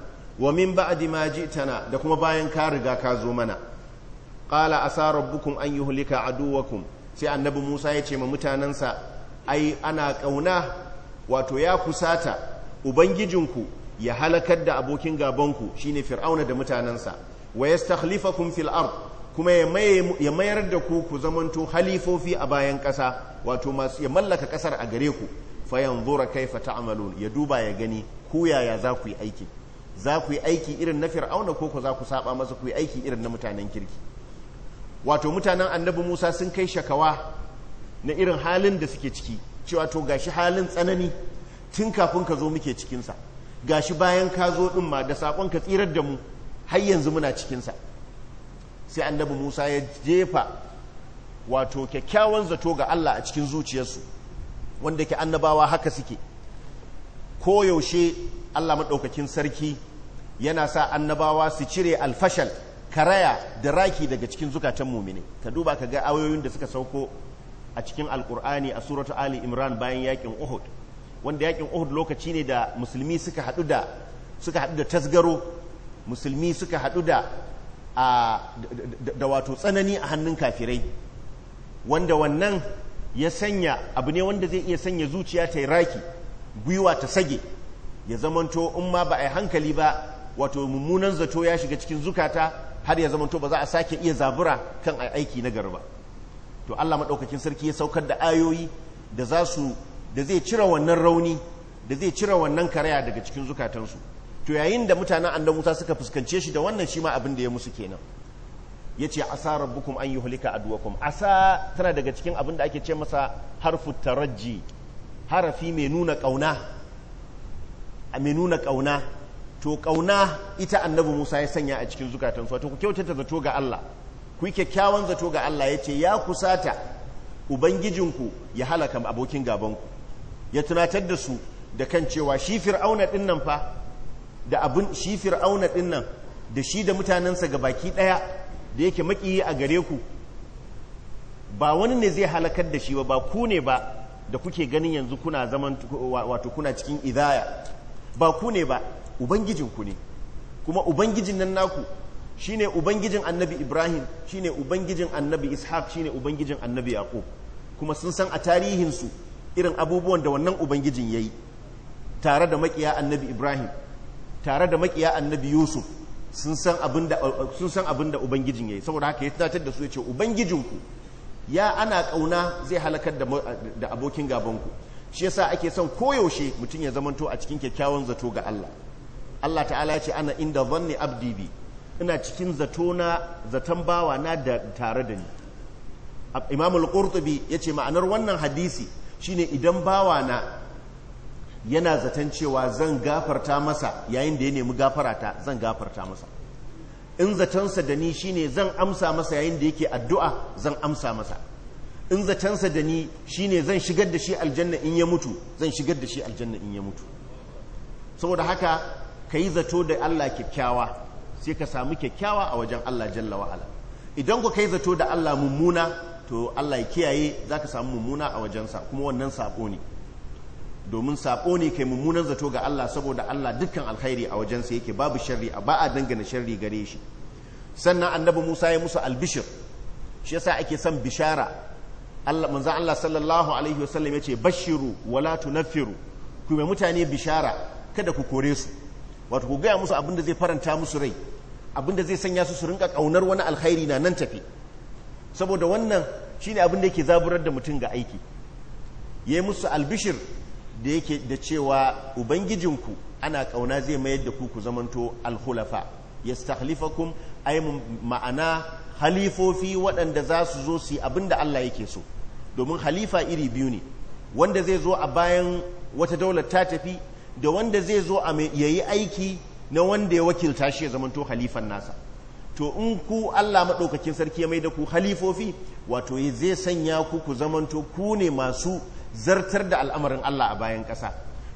wa min ba'di ma ji'tana da kuma bayan ka riga ka zo mana qala asa rabbukum an yi hulika yuhlika aduwakum sai annabi Musa ya ce ma mutanansa ai ana kauna wato ya kusata ubangijinku ya halakar da abokin gabanku shine fir'auna da mutanansa wa yastakhlifakum kun ard kuma ya mayar da ku ku zamanto halifofi a bayan ƙasa wato masu ya mallaka ƙasar a gare ku kai kaifa ta'malun ya duba ya gani ku yaya za ku yi aiki za ku yi aiki irin na fir'auna ko ku za ku saba masa ku yi aiki irin na mutanen kirki wato mutanen annabi musa sun kai shakawa na irin halin da suke ciki cewa to gashi halin tsanani tun kafin ka zo muke cikinsa gashi bayan ka zo ɗin ma da sakon ka tsirar da mu har yanzu muna cikinsa sai annabi musa ya jefa wato kyakkyawan zato ga allah a cikin zuciyarsu wanda ke annabawa haka suke koyaushe allah maɗaukakin sarki yana sa annabawa su cire alfashal karaya da raki daga cikin zukatan mumini ka duba ka ga ayoyin da suka sauko a cikin alkur'ani a suratu ali imran bayan yakin uhud wanda yakin uhud lokaci ne da musulmi suka hadu da suka hadu da tasgaro musulmi suka hadu da da wato tsanani a hannun kafirai wanda wannan ya sanya abu ne wanda zai iya sanya zuciya ta yi raki gwiwa ta sage ya zamanto in ma ba a yi hankali ba wato mummunan zato ya shiga cikin zukata har ya zama to ba za a sake iya zabura kan aiki na garba to Allah maɗaukakin sarki ya saukar da ayoyi da za su da zai cire wannan rauni da zai cire wannan karaya daga cikin zukatansu to yayin da mutanen annabi Musa suka fuskance shi da wannan shi ma abin da ya musu kenan yace asa rabbukum an yi hulika yuhlika aduwakum asa tana daga cikin abin da ake ce masa harfu tarajji harafi mai nuna kauna mai nuna kauna to ƙauna ita annabi Musa ya sanya a cikin zukatansu wato ku kyautata zato ga Allah ku yi kyakkyawan zato ga Allah ya ce ya kusata ubangijinku ya halaka abokin gabanku ya tunatar da su da kan cewa shi fir'auna din nan fa da abin shi fir'auna din nan da shi da mutanansa ga baki daya da yake makiyi a gare ku ba wani ne zai halakar da shi ba ba ku ne ba da kuke ganin yanzu kuna zaman wato kuna cikin idaya ba ku ne ba ubangijinku ne kuma ubangijin nan naku shine ubangijin annabi ibrahim shine ubangijin annabi ishaq shine ubangijin annabi yaqub kuma sun san a tarihinsu irin abubuwan da wannan ubangijin ya yi tare da makiya annabi ibrahim tare da makiya annabi yusuf sun san abin da ubangijin ya yi saboda haka ya tunatar da su ya ce ubangijinku ya ana ƙauna zai halakar da abokin gabanku shi ya yasa ake son koyaushe mutum ya zamanto a cikin kyakkyawan zato ga Allah Allah ta'ala ce ana inda zanni abdi bi ina cikin zato na zaton bawa na da tare da ni Imam al-Qurtubi yace ma'anar wannan hadisi shine idan bawa na yana zaton cewa zan gafarta masa yayin da ya nemi gafarata zan gafarta masa in sa da ni shine zan amsa masa yayin da yake addu'a zan amsa masa in sa da ni shine zan shigar da shi aljanna in ya mutu zan shigar da shi aljanna in ya mutu saboda haka ka yi zato da Allah kyakkyawa sai ka samu kyakkyawa a wajen Allah jalla wa'ala idan ku ka yi zato da Allah mummuna to Allah ya kiyaye za ka samu mummuna a wajensa kuma wannan saƙo ne domin saƙo ne kai mummunan zato ga Allah saboda Allah dukkan alkhairi a wajensa yake babu sharri a ba a dangana sharri gare shi sannan annabi Musa ya musu albishir shi yasa ake son bishara Allah manzon Allah sallallahu alaihi wasallam ce bashiru wala tunaffiru ku mai mutane bishara kada ku kore su wato ku gaya musu abin da zai faranta musu rai abinda zai sanya su su rinka kaunar wani alkhairi na nan tafi saboda wannan shine abin da yake zaburar da mutum ga aiki ya yi musu albishir da yake da cewa ubangijinku ana kauna zai mayar da ku ku zamanto ya yastakhlifakum ai ma'ana halifofi waɗanda za su zo su abin da Allah yake so domin halifa iri biyu ne wanda zai zo a bayan wata daular ta tafi da wanda zai zo ya yi aiki na wanda ya wakilta shi ya zamanto halifan nasa to in ku Allah maɗaukakin sarki ya mai da ku halifofi wato zai sanya ku ku zamanto ku ne masu zartar da al'amarin Allah a bayan ƙasa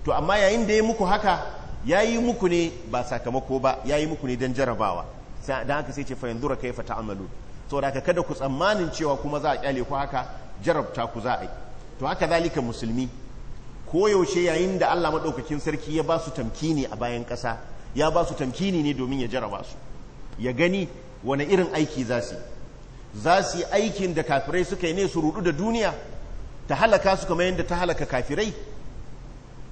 to amma yayin da ya muku haka ya yi muku ne ba sakamako ba ya yi muku ne don jarabawa don haka sai ce fa yanzu yi fata amalu to da kada ku tsammanin cewa kuma za a kyale ku haka jarabta ku za a yi to haka zalika musulmi koyaushe yayin da Allah maɗaukakin sarki ya ba su tamkini a bayan ƙasa ya ba su tamkini ne domin ya jaraba su ya gani wane irin aiki za su za su yi aikin da kafirai suka yi ne su rudu da duniya ta halaka su kamar yadda ta halaka kafirai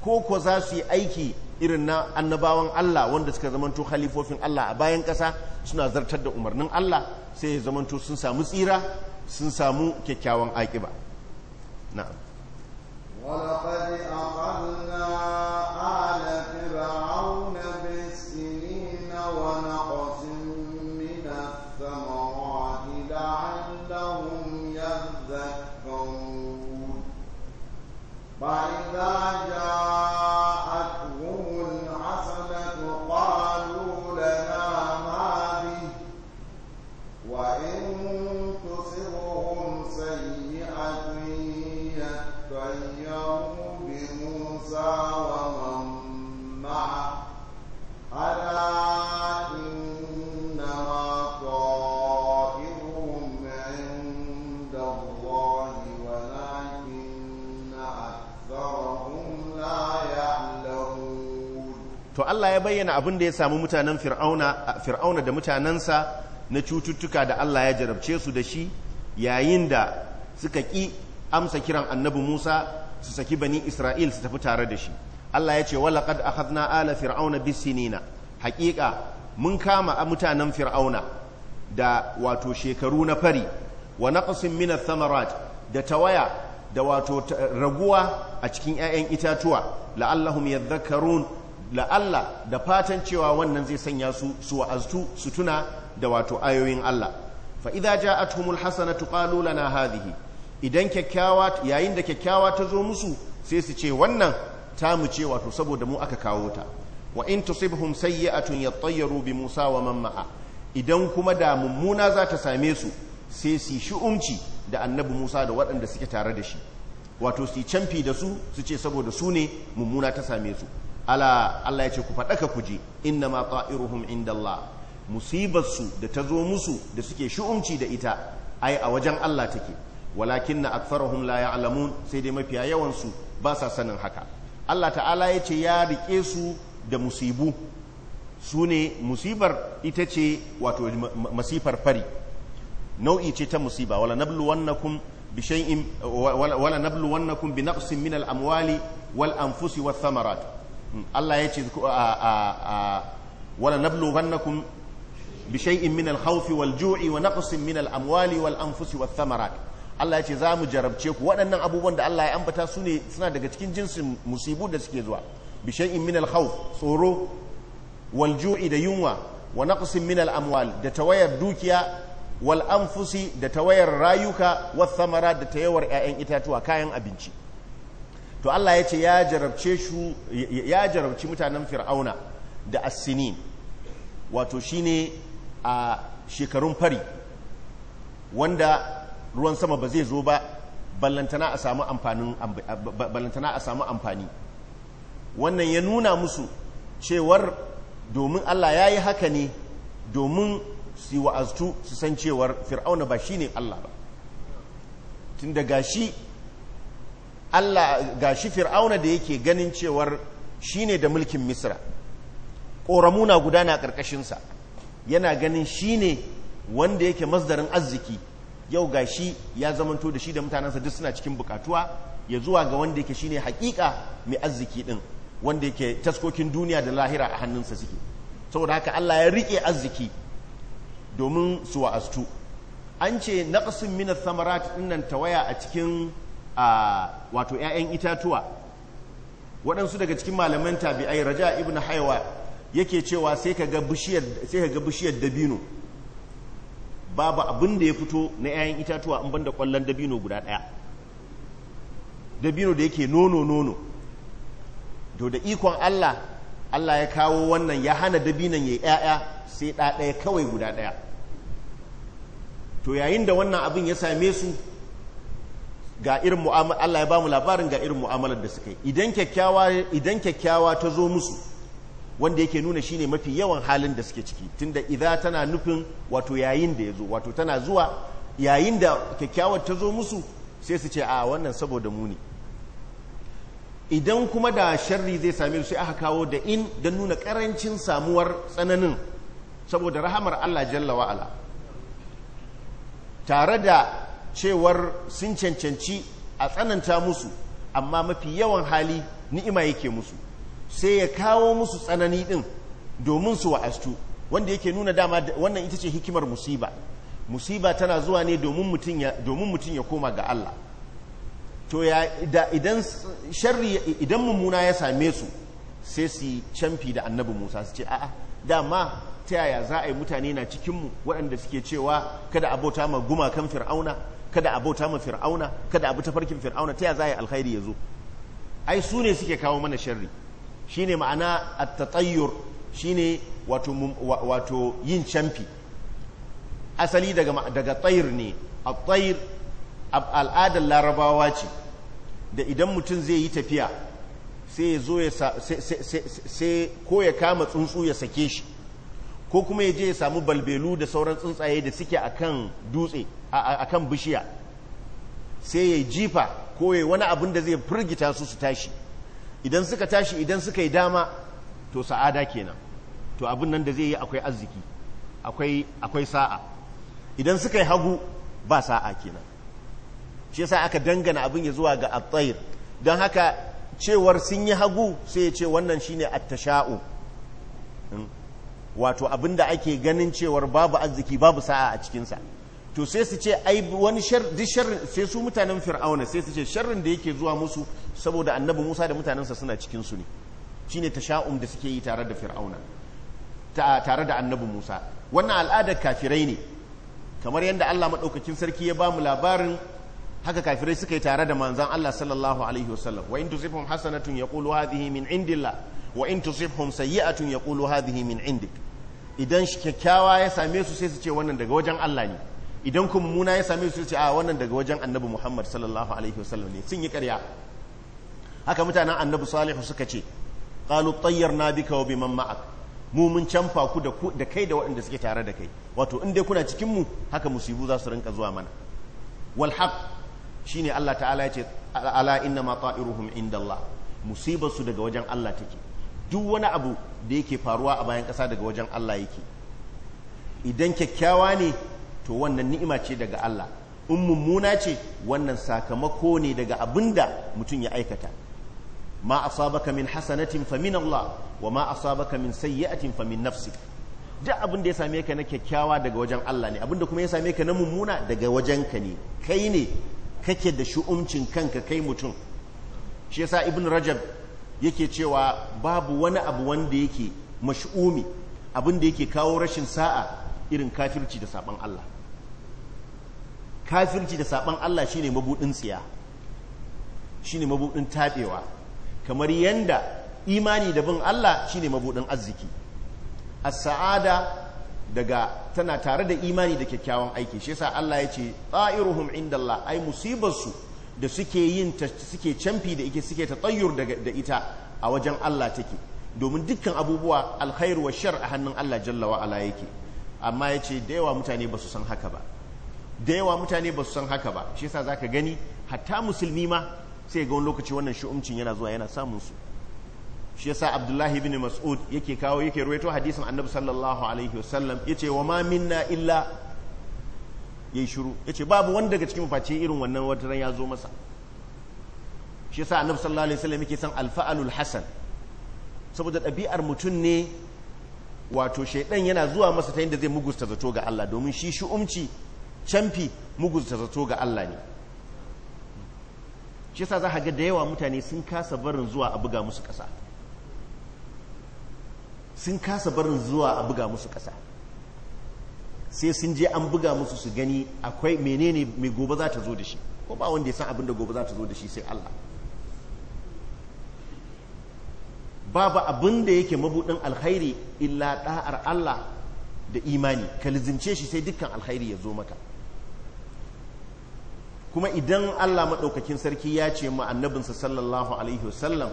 ko ko za su yi aiki irin na annabawan Allah wanda suka zamanto halifofin Allah a bayan ƙasa suna zartar da umarnin Allah sai ya zamanto sun samu tsira sun samu kyakkyawan aƙiba na'am ولقد أخذنا آل فرعون ونقص من الثمرات لعلهم يذكرون فإذا bayyana abin da ya samu mutanen fir'auna da mutanensa na cututtuka da Allah ya jarabce su da shi yayin da suka ƙi amsa kiran annabi Musa su saki bani Isra'il su tafi tare da shi Allah ya ce walaqad akhadna ala fir'auna bisinina haƙiƙa mun kama mutanen fir'auna da wato shekaru na fari wa naqsin min da tawaya da wato raguwa a cikin 'ya'yan itatuwa la'allahum yadhakkarun Allah da fatan cewa wannan zai sanya su su wa'aztu su tuna da wato ayoyin Allah fa idza ja'atuhumul hasanatu qalu lana hadhihi idan kyakkyawa yayin da kyakkyawa ta zo musu sai su ce wannan ta mu ce wato saboda mu aka kawo ta wa in tusibhum sayyi'atun yattayyaru bi Musa wa man ma'a idan kuma da mummuna za ta same su sai su umci da annabi Musa da waɗanda suke tare da shi wato su camfi da su su ce saboda su ne mummuna ta same su ala Allah ya ce ku faɗaka ku je inna ma ta'iruhum inda Allah musibarsu da ta zo musu da suke shu'umci da ita ai a wajen Allah take walakin na aktharahum la ya'lamun sai dai mafiya yawansu ba sa sanin haka Allah ta'ala ya ce ya rike su da musibu su ne musibar ita ce wato masifar fari nau'i ce ta musiba wala nabluwannakum bi shay'in wala bi naqsin min amwali wal anfusi wath thamarat Allah ya ce wa nabluwannakum bi shay'in min al-khawf wal-ju'i wa naqsin min amwali wal-anfusi wath-thamarat Allah ya ce za mu jarabce ku waɗannan abubuwan da Allah ya ambata su ne suna daga cikin jinsin musibu da suke zuwa bi shay'in min al tsoro wal-ju'i da yunwa wa naqsin min al-amwal da tawayar dukiya wal-anfusi da tawayar rayuka wath-thamarat da tayawar 'ya'yan itatuwa kayan abinci to Allah ya ce ya jarabci mutanen fir'auna da assinin wato shine a shekarun fari wanda ruwan sama ba zai zo ba ballantana a samu amfani wannan ya nuna musu cewar domin Allah ya yi haka ne domin su wa'aztu su san cewar fir'auna ba shine Allah ba tun daga shi Allah ga shi fir'auna da yake ganin cewar shi ne da mulkin misra ƙoramuna guda na ƙarƙashinsa yana ganin shi ne wanda yake masdarin arziki yau ga shi ya zamanto da shi da mutanensa duk suna cikin bukatuwa ya zuwa ga wanda yake shi ne haƙiƙa mai arziki ɗin wanda yake taskokin duniya da lahira a hannunsa suke saboda haka Allah ya riƙe arziki domin su wa'astu an ce naqsin min ath ta innan tawaya a cikin a wato 'ya'yan itatuwa waɗansu daga cikin malaman tabi'ai raja ibn haiwa yake cewa sai ka ga bishiyar dabino babu abin da ya fito na 'ya'yan itatuwa an banda kwallon dabino guda ɗaya dabino da yake nono nono to da ikon Allah Allah ya kawo wannan ya hana dabinan ya yi 'ya'ya sai ɗaɗaya kawai guda ɗaya to yayin da wannan abin ya same su ga irin mu'amala Allah ya bamu labarin ga irin mu'amalar da suka yi idan kyakkyawa idan kyakkyawa ta zo musu wanda yake nuna shine mafi yawan halin da suke ciki tunda idza tana nufin wato yayin da ya wato tana zuwa yayin da kyakkyawar ta zo musu sai su ce a wannan saboda mu ne idan kuma da sharri zai same su sai aka kawo da in don nuna karancin samuwar tsananin saboda rahamar Allah jalla wa'ala tare da cewar sun cancanci a tsananta musu amma mafi yawan hali ni'ima yake musu sai ya kawo musu tsanani din domin su wa'astu wanda yake nuna dama wannan ita ce hikimar musiba musiba tana zuwa ne domin mutum ya koma ga Allah to ya idan sharri idan mummuna ya same su sai su canfi da annabi Musa su ce a'a dama ta yaya za a yi mutane na cikinmu waɗanda suke cewa kada abota ma guma kan fir'auna kada a bauta ma fir'auna kada a bi tafarkin fir'auna ta ya za alkhairi ya zo ai su ne suke kawo mana sharri shine ma'ana at-tatayyur shine wato wato yin camfi asali daga daga ne at-tayr al'adar larabawa ce da idan mutum zai yi tafiya sai ya zo sai ko ya kama tsuntsu ya sake shi ko kuma ya je ya samu balbelu da sauran tsuntsaye da suke akan dutse a kan bishiya sai ya jifa ko ya wani abin da zai firgita su su tashi idan suka tashi idan suka yi dama to sa'ada kenan to abin nan da zai yi akwai arziki akwai sa'a idan suka yi hagu ba sa'a kenan shi yasa aka dangana abin ya zuwa ga at don haka cewar sun yi hagu sai ya ce wannan shine at-tasha'u hmm? wato abin da ake ganin cewar babu arziki babu sa'a a cikinsa to sai su ce ai wani duk sharrin sai su mutanen fir'auna sai su ce sharrin da yake zuwa musu saboda annabi musa da mutanensa suna cikin su ne shine tasha'um da suke yi tare da fir'auna tare da annabi musa wannan al'adar kafirai ne kamar yadda allah maɗaukakin sarki ya ba mu labarin haka kafirai suka yi tare da manzan allah sallallahu alaihi wasallam wa in tusibhum hasanatun yaqulu hadhihi min indillah wa in tun sayyi'atun yaqulu hadhihi min indik idan kyakkyawa ya same su sai su ce wannan daga wajen allah ne idan kuma muna ya sami su ce a ah, wannan daga wajen annabi muhammad sallallahu alaihi wasallam ne sun yi karya haka mutanen annabi salihu suka ce qalu tayyarna bika wa biman ma'ak mu mun canfa ku da da kai da waɗanda suke tare da kai wato in dai kuna cikin mu haka musibu za su rinka zuwa mana wal haq shine Allah ta'ala ya ce ala inna ma ta'iruhum indallah musibar su daga wajen Allah take duk wani abu da yake faruwa a bayan ƙasa daga wajen Allah yake idan kyakkyawa ne to wannan ni'ima ce daga Allah in mummuna ce wannan sakamako ne daga abinda mutum ya aikata ma asabaka min hasanatin fa min Allah wa ma asabaka min sayyi'atin fa min nafsi duk abin da ya same ka na kyakkyawa daga wajen Allah ne abin da kuma ya same ka na mummuna daga wajen ka ne kai ne kake da shu'umcin kanka kai mutum shi yasa ibn rajab yake cewa babu wani abu wanda yake mash'umi abin da yake kawo rashin sa'a irin kafirci da saban Allah kafirci da saban Allah shine mabudin tsiya shine mabudin tabewa kamar yadda imani da bin Allah shine mabudin arziki as-sa'ada daga tana tare da imani da kyakkyawan aiki shi yasa Allah ya ce ta'iruhum indallah ai musibarsu da suke yin suke camfi da ike suke tsayyur da ita a wajen Allah take domin dukkan abubuwa alkhairu wa shar a hannun Allah Jallawa wa ala yake amma ya ce, da yawa mutane ba su san haka ba da yawa mutane ba su san haka ba shi yasa ka gani hatta musulmi ma sai ga wani lokaci wannan shu'umcin yana zuwa yana samun su shi yasa Abdullahi ibn Mas'ud yake kawo yake ruwaito hadisin Annabi sallallahu alaihi wasallam yace wa ma minna illa yayi shiru yace babu wanda daga cikin face irin wannan wata ran ya zo masa shi yasa Annabi sallallahu alaihi wasallam yake san alfa'alul hasan saboda ɗabi'ar mutum ne wato shaidan yana zuwa masa ta yadda zai mugusta zato ga Allah domin shi shu'umci canfi mugunta zato ga Allah ne shi sa za a ga da yawa mutane sun kasa barin zuwa a buga musu ƙasa sun kasa barin zuwa a buga musu ƙasa sai sun je an buga musu su gani akwai menene mai gobe za ta zo da shi ko ba wanda ya san abin da gobe za ta zo da shi sai Allah babu abin da yake mabudin alkhairi illa da'ar Allah da imani ka lizince shi sai dukkan alkhairi ya zo maka kuma idan Allah maɗaukakin sarki ya ce ma annabinsa sallallahu alaihi wasallam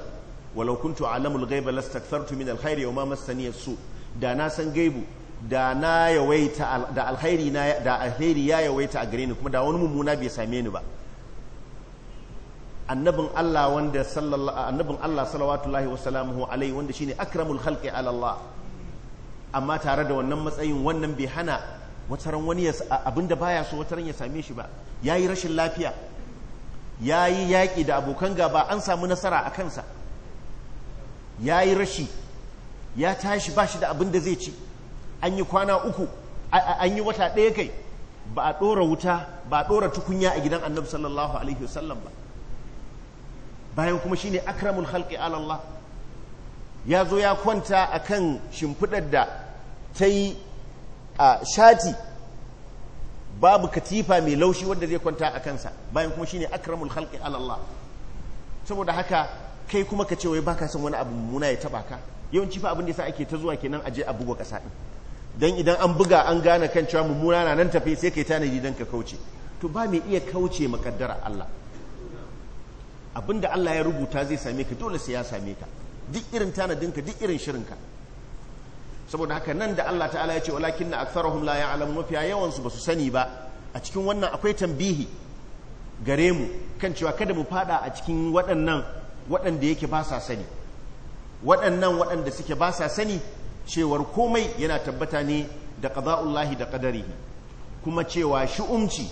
walau kuntu alamul ghaiba lastakthartu min alkhairi wa ma massani su da na san gaibu da na yawaita da alkhairi na da alkhairi ya yawaita a gare ni kuma da wani mummuna bai same ni ba annabin Allah wanda sallallahu annabin Allah salawatullahi wa salamuhu alaihi wanda shine akramul khalqi ala Allah amma tare da wannan matsayin wannan bai hana wataran wani ya abinda baya so wataran ya same shi ba ya yi rashin lafiya ya yi yaƙi da abokan gaba an samu nasara a kansa Ya yi rashi ya tashi ba shi da abin da zai ci an yi kwana uku an yi wata ɗaya kai ba a ɗora wuta ba a ɗora tukunya a gidan annabi sallallahu alaihi wasallam ba bayan kuma shine akramul halki alallah ya zo ya kwanta akan shimfiɗar da ta yi a shati babu katifa mai laushi wanda zai kwanta a kansa bayan kuma shine akramul khalqi ala Allah saboda haka kai kuma ka ce wai baka son wani abu mummuna ya taba ka yawanci fa abin da yasa ake ta zuwa kenan aje a buga kasa ɗin dan idan an buga an gane kan cewa mummuna na nan tafi sai kai tanadi dan ka kauce to ba mai iya kauce makaddara Allah abinda Allah ya rubuta zai same ka dole sai ya same ka duk irin tanadinka duk irin shirinka saboda haka nan da Allah ta'ala ya ce walakin na aktharahum la ya'lamu mafiya yawansu ba su sani ba a cikin wannan akwai tambihi gare mu kan cewa kada mu fada a cikin waɗannan waɗanda yake ba sa sani waɗannan waɗanda suke ba sa sani cewar komai yana tabbata ne da qada'ullahi da qadarihi kuma cewa shi'umci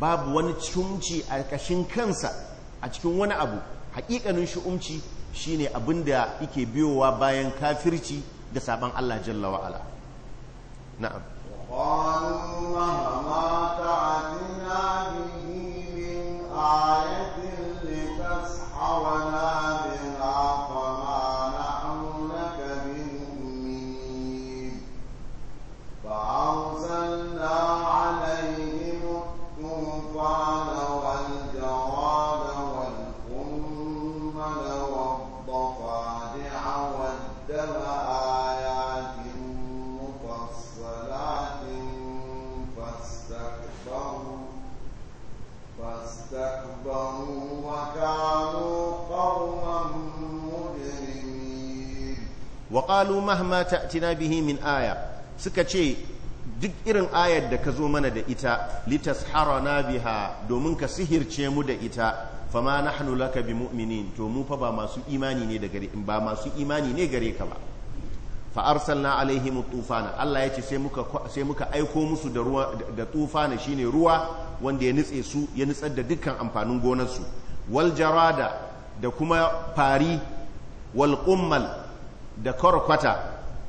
babu wani cumci a ƙashin kansa a cikin wani abu haƙiƙanin shi'umci shine abin da yake biyowa bayan kafirci da saban Allah jalla wa ala na'am qalu wa ma ta'atina bihi min ayatin litashawana wa mahama ta tina bihi min aya suka ce duk irin ayar da ka zo mana da ita litas na biha domin ka sihirce mu da ita fama nahnu laka mumini to mu fa ba masu imani ne gare ba masu imani ne gare ka ba fa arsalna alaihim tufana Allah ya ce sai muka aiko musu da ruwa da tufana shine ruwa wanda ya nitse su ya nitsar da dukkan amfanin gonarsu su wal jarada da kuma fari wal da kwarkwata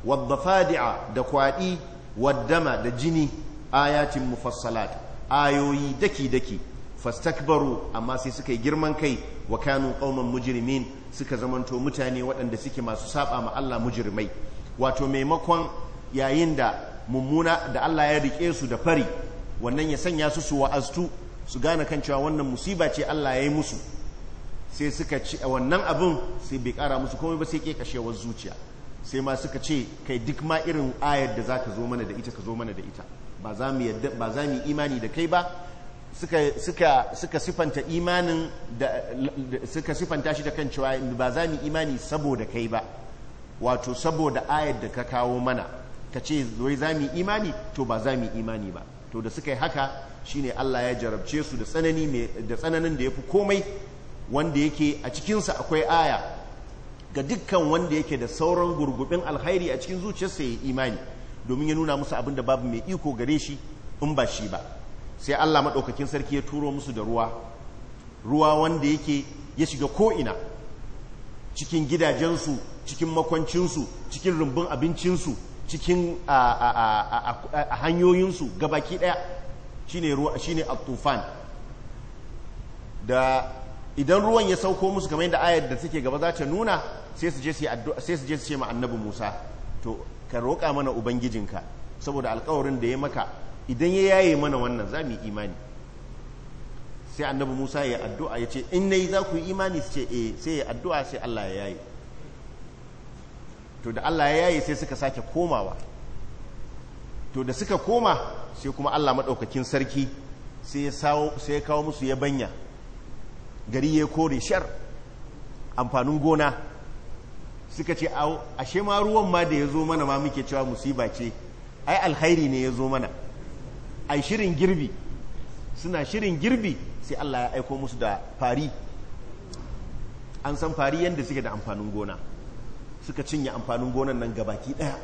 wadda fadi'a da kwaɗi waddama da jini ayatin mufassalat ayoyi daki-daki fastakbaru amma sai suka yi girman kai wa kanu qauman mujrimin suka zamanto mutane waɗanda suke masu saba ma Allah mujrimai wato maimakon yayin da mummuna da Allah ya riƙe su da fari wannan ya sanya su su wa'aztu su gane kan cewa wannan musiba ce Allah ya yi musu sai suka ci a wannan abin sai bai kara musu komai ba sai ke kashewar zuciya sai ma suka ce kai duk ma irin ayar da za ka zo mana da ita ka zo mana da ita ba za mu yi imani da kai ba suka sifanta imanin da suka sifanta shi da kan cewa ba za mu imani saboda kai ba wato saboda ayar da ka kawo mana ka ce wai za mu imani to ba za mu imani ba to da suka yi haka shine Allah ya jarabce su da tsananin da ya fi komai wanda yake a cikinsa akwai aya ga dukkan wanda yake da sauran gurgubin alkhairi a cikin zuciyarsa ya imani domin ya nuna musu abin da babu mai iko gare shi in ba shi ba sai Allah maɗaukakin sarki ya turo musu da ruwa ruwa wanda yake ya shiga ko'ina cikin gidajensu cikin makwancinsu cikin rumbun abincinsu cikin a hanyoyinsu gabaki ɗaya shine ruwa shi ne da idan ruwan ya sauko musu kamar yadda ayar da take gaba za ta nuna sai su je su sai su je su ce ma annabi Musa to ka roƙa mana ubangijinka saboda alƙawarin da ya maka idan ya yaye mana wannan za mu yi imani sai annabi Musa ya addu'a ya ce in nayi za ku yi imani su ce eh sai ya addu'a sai Allah ya yaye to da Allah ya yaye sai suka sake komawa to da suka koma sai kuma Allah maɗaukakin sarki sai ya kawo musu yabanya gari ya kore shar amfanin gona suka ce ashe ma ruwan ma da ya zo mana ma muke cewa musiba ce ai alhairi ne ya zo mana ai shirin girbi suna shirin girbi sai Allah ya aiko musu da fari an san fari yadda suke da amfanin gona suka cinye amfanin gonan nan gabaki daya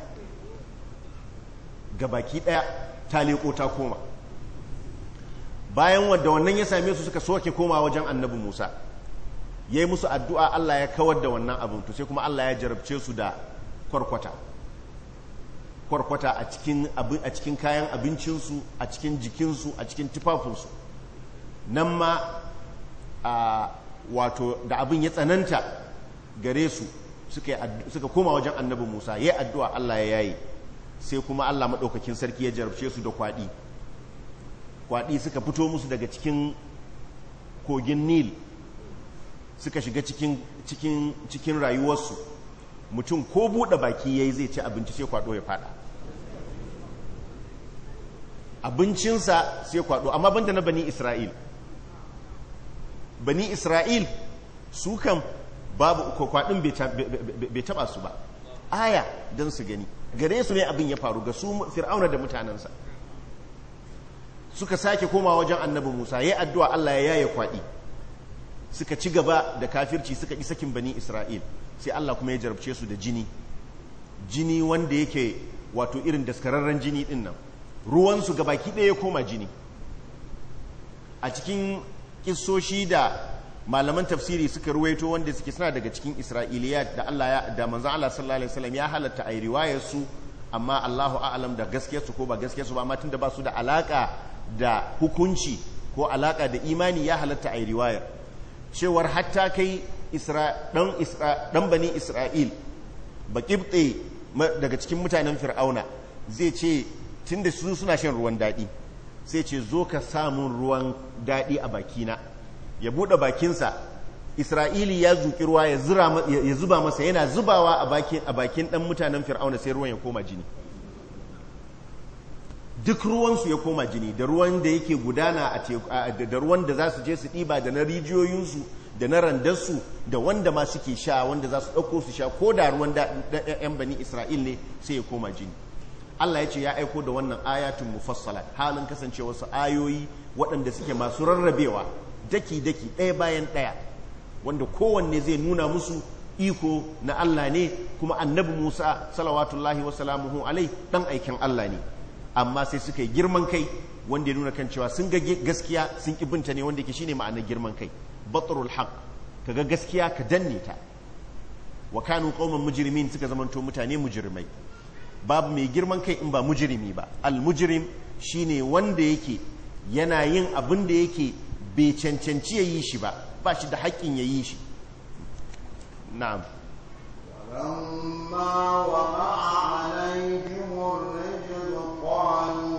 gabaki daya ta leko ta koma bayan wadda wannan ya same su suka soke koma wajen annabi Musa yayi musu addu'a Allah ya kawar da wannan abin to sai kuma Allah ya jarabce su da kwarkwata kwarkwata a cikin kayan abincinsu a cikin jikinsu a cikin tufafinsu nan ma a wato da abin ya tsananta gare su suka koma wajen annabi Musa ya yi addu'a Allah ya yayi sai kuma Allah maɗaukakin sarki ya jarabce su da kwaɗi kwaɗi suka fito musu daga cikin kogin nil suka shiga cikin rayuwarsu mutum ko buɗe baki ya yi zai ci abinci sai kwaɗo ya faɗa abincinsa sai kwaɗo amma banda na bani isra'il bani isra'il su kan babu kwaɗin bai taɓa su ba aya don su gani gare su ne abin ya faru ga su fir'auna da mutanensa suka sake koma wajen annabi Musa yayi addu'a Allah ya yaye kwadi suka ci gaba da kafirci suka ki sakin bani Isra'il sai Allah kuma ya jarabce su da jini jini wanda yake wato irin daskararren jini din nan ruwan su gabaki daya ya koma jini a cikin kissoshi da malaman tafsiri suka ruwaito wanda suke suna daga cikin isra'iliyat da Allah ya da manzon Allah ya halatta a riwayar su amma Allahu a'lam da gaskiyar ko ba gaskiyar su ba amma tunda ba su da alaka da hukunci ko alaka da imani ya halatta a yi riwayar cewar hatta kai dan bani isra'il ba kibte daga cikin mutanen fir'auna zai ce tun da su suna shan ruwan daɗi sai ce zo ka samun ruwan daɗi a bakina ya buɗe bakinsa isra'ili ya zuƙi ruwa ya zuba masa yana zubawa a bakin ɗan mutanen fir'auna sai ruwan ya koma jini duk ruwansu ya koma jini da ruwan da yake gudana a da ruwan da za su je su ɗiba da na rijiyoyinsu da na randarsu da wanda ma suke sha wanda za su ɗauko su sha ko da ruwan ɗan bani isra'il ne sai ya koma jini Allah ya ce ya aiko da wannan ayatun fassala. halin kasance wasu ayoyi waɗanda suke masu rarrabewa daki-daki ɗaya bayan ɗaya wanda kowanne zai nuna musu iko na Allah ne kuma annabi Musa salawatullahi wa alai ɗan aikin Allah ne amma sai suka yi girman kai wanda ya nuna kan cewa sun ga gaskiya sun ki binta ne wanda ke shine ma'anar girman kai batrul haq ga gaskiya ka danne ta wa kanu qauman mujrimin suka zamanto mutane mujrimai babu mai girman kai in ba mujrimi ba al mujrim shine wanda yake yana yin abin da yake bai cancanci ya yi shi ba ba shi da haƙƙin ya yi shi na'am on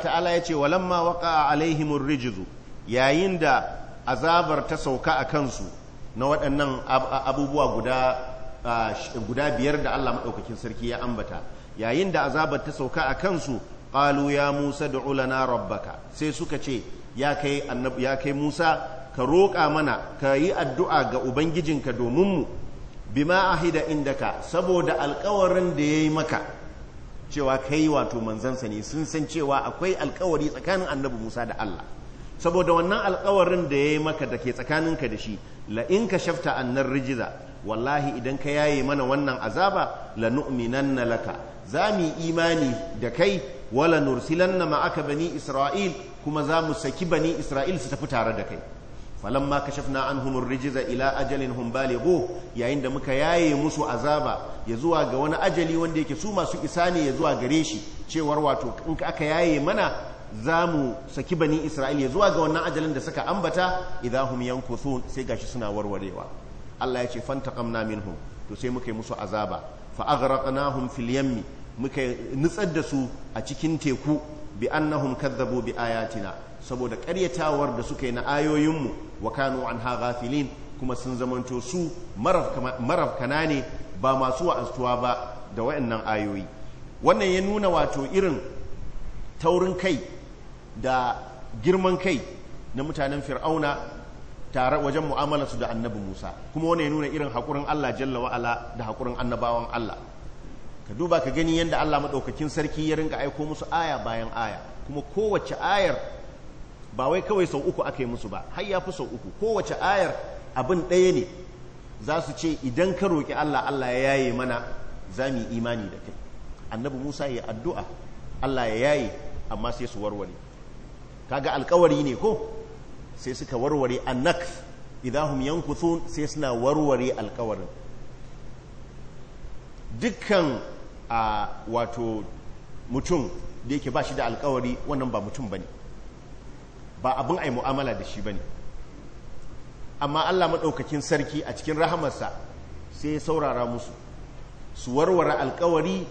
Allah ta'ala ya ce walamma waka alaihimun rijizu yayin da azabar ta sauka a kansu na waɗannan abubuwa guda biyar da Allah maɗaukakin sarki ya ambata yayin da azabar ta sauka a kansu ƙalu ya Musa da ulana rabbaka sai suka ce ya kai Musa ka roƙa mana ka yi addu'a ga Ubangijinka domin mu bima ahida ka saboda alkawarin da ya yi maka cewa kai wato manzansa ne sun san cewa akwai alkawari tsakanin annabi Musa da Allah saboda wannan alkawarin da ya yi maka da ke tsakaninka da shi la in ka shafta annar rijiza wallahi idan ka yaye mana wannan azaba la nu'minanna laka za mu imani da kai wala nursilanna ma'aka bani isra'il kuma za mu saki bani isra'il su tafi tare da kai falamma kashafna an ar-rijza ila ajalin hum balighu yayin da muka yaye musu azaba ya zuwa ga wani ajali wanda yake su masu isa ne ya zuwa gare shi cewar wato in aka yaye mana zamu saki bani isra'il ya zuwa ga wannan ajalin da suka ambata idahum yankuthun sai gashi suna warwarewa Allah ya ce fantaqamna minhum to sai muka yi musu azaba fa aghraqnahum fil yammi muka nutsar da su a cikin teku bi annahum kadzabu bi ayatina saboda ƙaryatawar da suka yi na ayoyinmu wa Kano an ha gafilin kuma sun zamanto su marafkana ne ba masu wa'aztuwa ba da waɗannan ayoyi wannan ya nuna wato irin taurin kai da girman kai na mutanen fir'auna tare wajen mu'amalarsu da annabi musa kuma wannan ya nuna irin haƙurin allah jalla wa'ala da haƙurin annabawan allah ka duba ka gani yadda allah maɗaukakin sarki ya ringa aiko musu aya bayan aya kuma kowace ayar ba wai kawai sau uku aka yi musu ba har ya fi sau uku kowace ayar abin ɗaya ne za su ce idan ka roƙi Allah Allah ya yaye mana za mu yi imani da kai annabi Musa ya addu'a Allah ya yaye amma sai su warware kaga alkawari ne ko sai suka warware annak idan hum yankuthun sai suna warware alkawarin dukkan a wato mutum da yake ba shi da alkawari wannan ba mutum bane ba abin ai mu'amala da shi ba ne amma Allah maɗaukakin sarki a cikin rahamarsa sai ya saurara musu su warware alkawari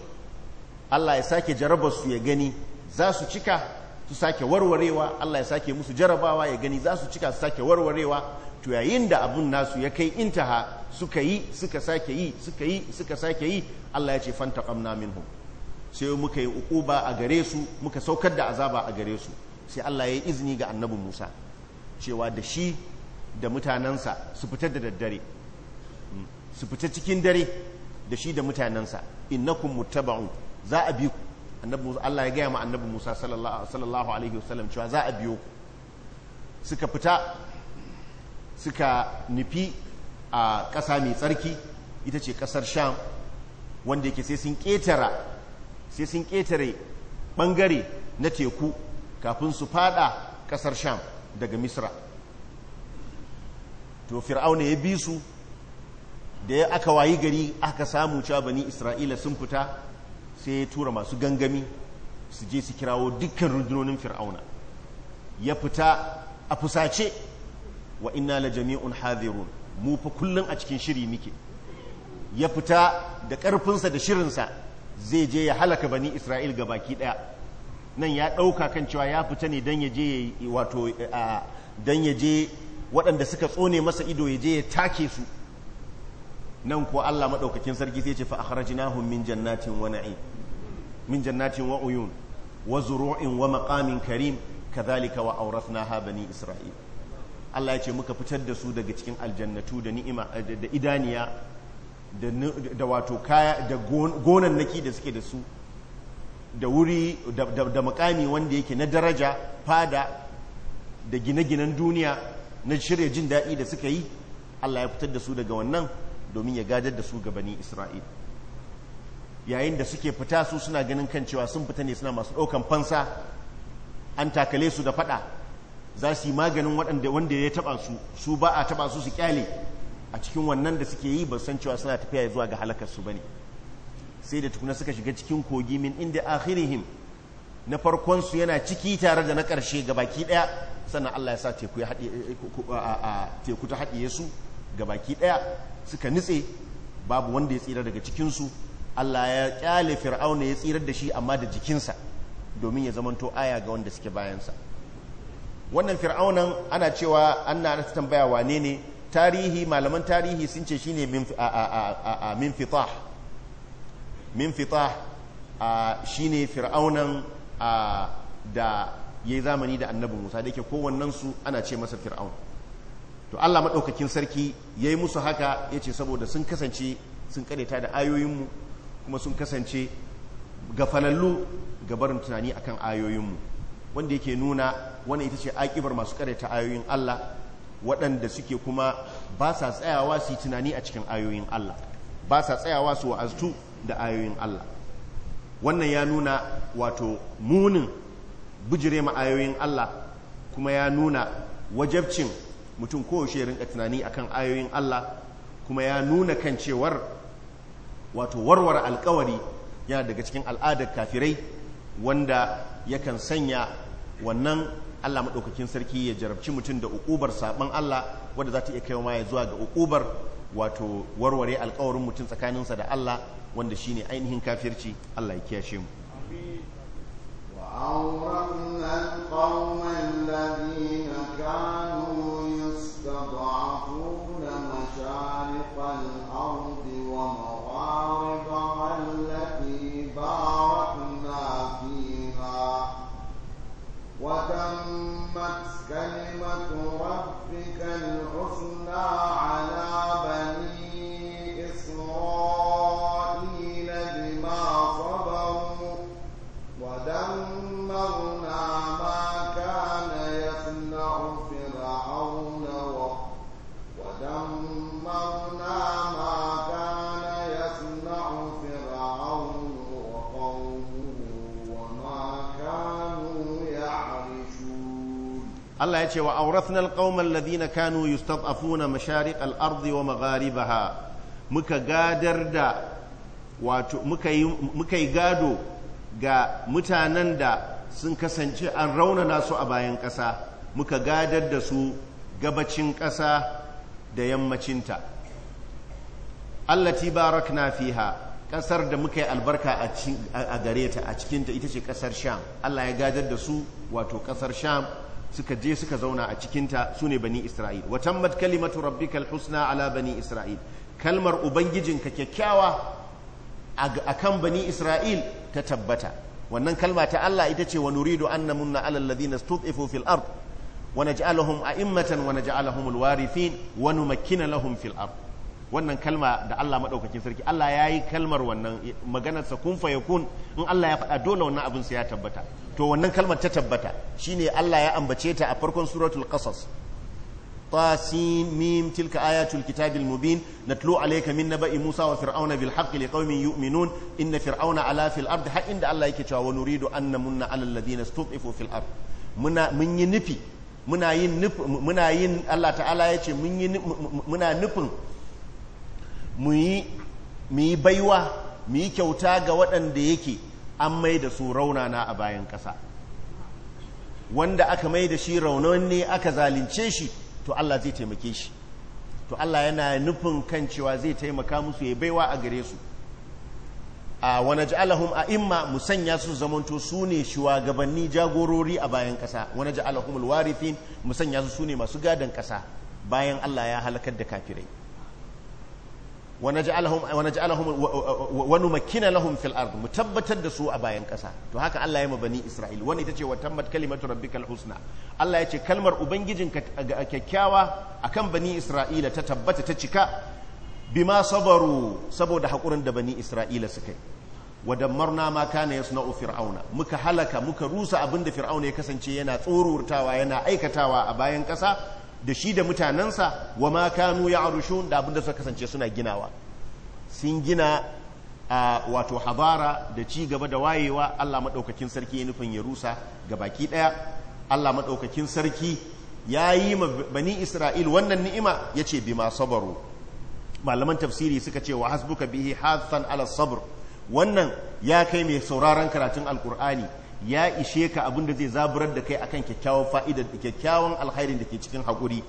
Allah ya sake jarabar su ya gani za su cika su sake warwarewa Allah ya sake musu jarabawa ya gani za su cika su sake warwarewa to yayin da abun nasu ya kai intaha suka yi suka sake yi suka yi suka sake yi Allah ya ce fanta fantaqamna minhu sai muka yi ukuba a gare su muka saukar da azaba a gare su sai Allah ya yi izini ga annabin Musa cewa da shi da mutanensa su fita da daddare mm. su fita cikin dare da shi da mutanensa innakum muttaba'un za a bi ku annabi Musa Allah ya gaya ma annabi Musa sallallahu alaihi wasallam cewa za a biyo suka fita suka nufi a ƙasa mai tsarki ita ce ƙasar sham wanda yake sai sun sai sun ƙetare ɓangare na teku kafin su fada kasar sham daga misra to fir'auna ya bi su da ya aka wayi gari aka samu cewa bani isra'ila sun fita sai ya tura masu gangami su je su kirawo dukkan rundunonin fir'auna ya fita a fusace wa inna la jami'un hadirun mu fa kullun a cikin shiri muke ya fita da ƙarfinsa da shirinsa zai je ya halaka bani isra'il ga baki ɗaya nan ya ɗauka kan cewa ya fita ne don ya je wato don ya je waɗanda suka tsone masa ido ya je ya take su nan ko Allah maɗaukakin sarki sai ce fa akhrajnahum min jannatin wa na'im min jannatin wa uyun wa zuru'in wa maqamin karim kadhalika wa awrathnaha bani isra'il Allah ya ce muka fitar da su daga cikin aljannatu da ni'ima eh, da idaniya da wato kaya da gonannaki da suke da su da wuri da makami wanda yake na daraja fada da gine-ginen duniya na shirya jin daɗi da suka yi Allah ya fitar da su daga wannan domin ya gadar da su gabanin Isra'il yayin da suke fita su suna ganin kan cewa sun fita ne suna masu ɗaukan fansa an takale su da faɗa za su yi maganin waɗanda wanda ya taɓa su su ba a taɓa su su kyale a cikin wannan da suke yi ba san cewa suna tafiya zuwa ga halakarsu ba ne sai da tukuna suka shiga cikin kogi min inda akhirihim na farkon su yana ciki tare da na ƙarshe gabaki ɗaya sannan Allah ya sa teku eh, ta haɗiye su gabaki ɗaya suka nitse babu wanda ya tsira daga cikin su Allah ya kyale fir'auna ya tsirar da shi amma da jikinsa domin ya zamanto aya ga wanda suke bayansa wannan fir'aunan ana cewa ana ta tambaya wane ne tarihi malaman tarihi sun ce shine min fitah min fita shi ne fir'aunan da ya yi zamani da annabi musa da yake kowannensu ana ce masa fir'aun to allah maɗaukakin sarki ya yi musu haka ya ce saboda sun kasance sun kareta da ayoyinmu kuma sun kasance gafalallu barin tunani akan ayoyinmu wanda yake nuna wani ita ce aƙibar masu kareta ayoyin allah waɗanda suke kuma ba sa tsayawa su yi tunani a cikin ayoyin allah ba sa tsayawa su wa'aztu da ayoyin Allah wannan ya nuna wato munin bujire ma ayoyin Allah kuma ya nuna wajabcin mutum kowace rinka tunani akan ayoyin Allah kuma ya nuna kan cewar wato warware alkawari yana daga cikin al'adar kafirai wanda yakan sanya wannan Allah maɗaukakin sarki ya jarabci mutum da uƙubar saɓon Allah wadda za ta iya wa ma ya zuwa ga uƙubar wato warware alkawarin mutum tsakaninsa da Allah wanda shi ne ainihin kafirci Allah ya kiyashe mu Allah ya ce wa aurathnal qauman lazina kanu yustad'afuna mashariq al-ardi wa magharibaha muka gadar da wato muka yi gado ga mutanen da sun kasance an raunana su a bayan ƙasa muka gadar da su gabacin ƙasa da yammacinta allati barakna fiha kasar da muka yi albarka a gare ta a cikinta ita ce kasar sham allah ya gadar da su wato kasar sham suka je suka zauna a cikinta su ne bani isra'il wa tammat kalimatu rabbikal husna ala bani isra'il kalmar ubangijinka kyakkyawa a kan bani isra'il ta tabbata wannan kalma ta Allah ita ce wa nuridu an namunna ala alladhina studifu fil ard wa naj'aluhum a'immatan wa naj'aluhum alwarithin wa numakkina lahum fil ard wannan kalma da Allah madaukakin sarki Allah ya yi kalmar wannan maganar sa kun in Allah ya faɗa dole wannan abin sa ya tabbata to wannan kalmar ta tabbata shine Allah ya ambace ta a farkon suratul qasas طاسين ميم تلك آيات الكتاب المبين نتلو عليك من نبأ موسى وفرعون بالحق لقوم يؤمنون إن فرعون علا في الأرض حق إن الله يكتا ونريد أن نمن على الذين استضعفوا mu yi baiwa mu yi kyauta ga waɗanda yake an mai da su raunana a bayan ƙasa wanda aka mai da shi raunan ne aka zalunce shi to Allah zai taimake shi to Allah yana nufin kan cewa zai taimaka musu ya baiwa a gare su a wani ja'alahum a imma mu sanya su zamanto su ne shugabanni jagorori a bayan ƙasa wani ja'alahum alwarifin mu sanya su su ne masu gadon ƙasa bayan Allah ya halakar da kafirai wani makina lahum fil ard mu tabbatar da su a bayan kasa to haka Allah ya ma bani Isra'il wani ita ce wa tammat kalimatu rabbikal husna Allah ya ce kalmar ubangijin kyakkyawa akan bani Isra'ila ta tabbata ta cika bima sabaru saboda hakurin da bani Isra'ila suka yi wa dammarna ma kana yasna'u fir'auna muka halaka muka rusa da fir'auna ya kasance yana tsorurtawa yana aikatawa a bayan ƙasa da shi da mutanensa wa ma kanu ya'rushun da abinda suka kasance suna ginawa sun gina wato habara da ci gaba da wayewa Allah Maɗaukakin sarki ya nufin ya rusa ga baki ɗaya Allah Maɗaukakin sarki ya yi ma bani Isra'il wannan ni'ima ya bi bima sabaru malaman tafsiri suka ce wa hasbuka bihi hasan ala sabr wannan ya kai mai sauraron karatun alkur'ani ya ishe ka abin da zai zaburar da kai akan kyakkyawan fa'idar kyakkyawan alkhairin da ke cikin haƙuri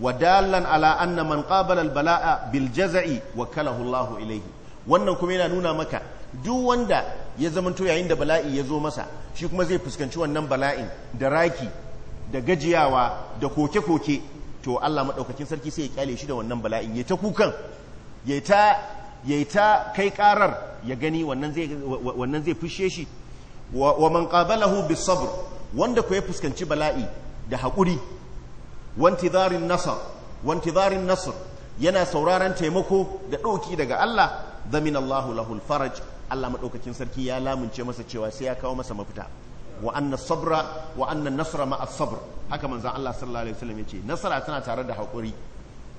wa dalan ala anna man qabala al bala'a bil wa wakalahu Allah ilayhi wannan kuma yana nuna maka duk wanda ya zamanto yayin da bala'i ya zo masa shi kuma zai fuskanci wannan bala'in da raki da gajiyawa da koke-koke to Allah madaukakin sarki sai ya kyale shi da wannan bala'in ya ta kukan ya ta ta kai karar ya gani wannan zai fushe shi wa man qabalahu bisabr wanda ku ya fuskanci bala'i da haƙuri wantizarin nasar wantizarin nasr yana sauraron taimako da ɗauki daga Allah zamin Allahu lahul faraj Allah maɗaukakin sarki ya lamunce masa cewa sai ya kawo masa mafita wa anna sabra wa anna nasra ma'a sabr haka manzon Allah sallallahu alaihi wasallam yace nasara tana tare da hakuri.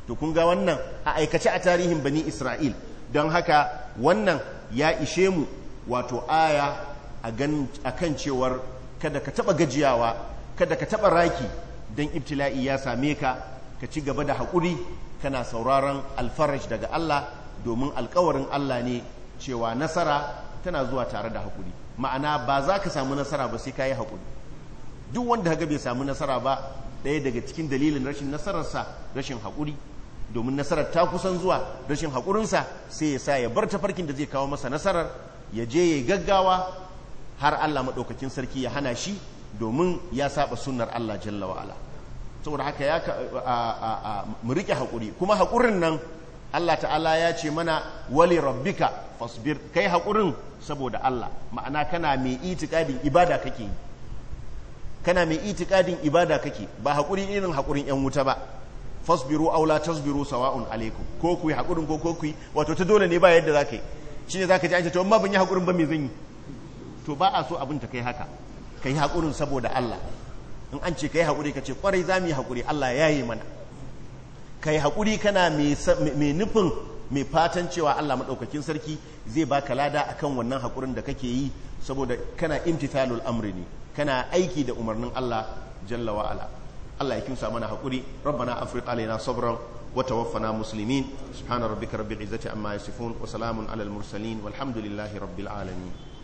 to kun ga wannan a aikace a tarihin bani Isra'il don haka wannan ya ishe mu wato aya a kan cewar kada ka taɓa gajiyawa kada ka taɓa raki don ibtila'i ya same ka ka ci gaba da haƙuri kana sauraron alfaraj daga Allah domin alkawarin Allah ne cewa nasara tana zuwa tare da haƙuri ma'ana ba za ka samu nasara ba sai ka yi haƙuri duk wanda haka bai samu nasara ba ɗaya daga cikin dalilin rashin nasararsa rashin haƙuri domin nasarar ta kusan zuwa rashin haƙurinsa sai ya sa ya bar tafarkin da zai kawo masa nasarar ya je ya gaggawa har Allah maɗaukakin sarki ya hana shi domin ya saba sunnar Allah jalla wa'ala saboda haka ya mu rike haƙuri kuma haƙurin nan Allah ta'ala ya ce mana wali rabbika fasbir kai haƙurin saboda Allah ma'ana kana mai itikadin ibada kake yi kana mai itikadin ibada kake ba haƙuri irin haƙurin yan wuta ba fasbiru aw la tasbiru sawa'un alaikum ko ku yi haƙurin ko ko ku wato ta dole ne ba yadda zaka yi shine zaka ji an ce to amma ban yi haƙurin ba me zan yi to ba a so abin ta kai haka ka yi haƙurin saboda Allah in an ce ka yi haƙuri ka ce ƙwarai za mu yi haƙuri Allah ya yi mana ka yi haƙuri kana mai nufin mai fatan cewa Allah maɗaukakin sarki zai baka lada a kan wannan haƙurin da kake yi saboda kana imtithalul amri ne kana aiki da umarnin Allah jalla wa ala Allah ya kimsa mana haƙuri rabbana afriq alaina sabran wa tawaffana muslimin subhana rabbika rabbil amma yasifun wa salamun alal mursalin walhamdulillahi rabbil alamin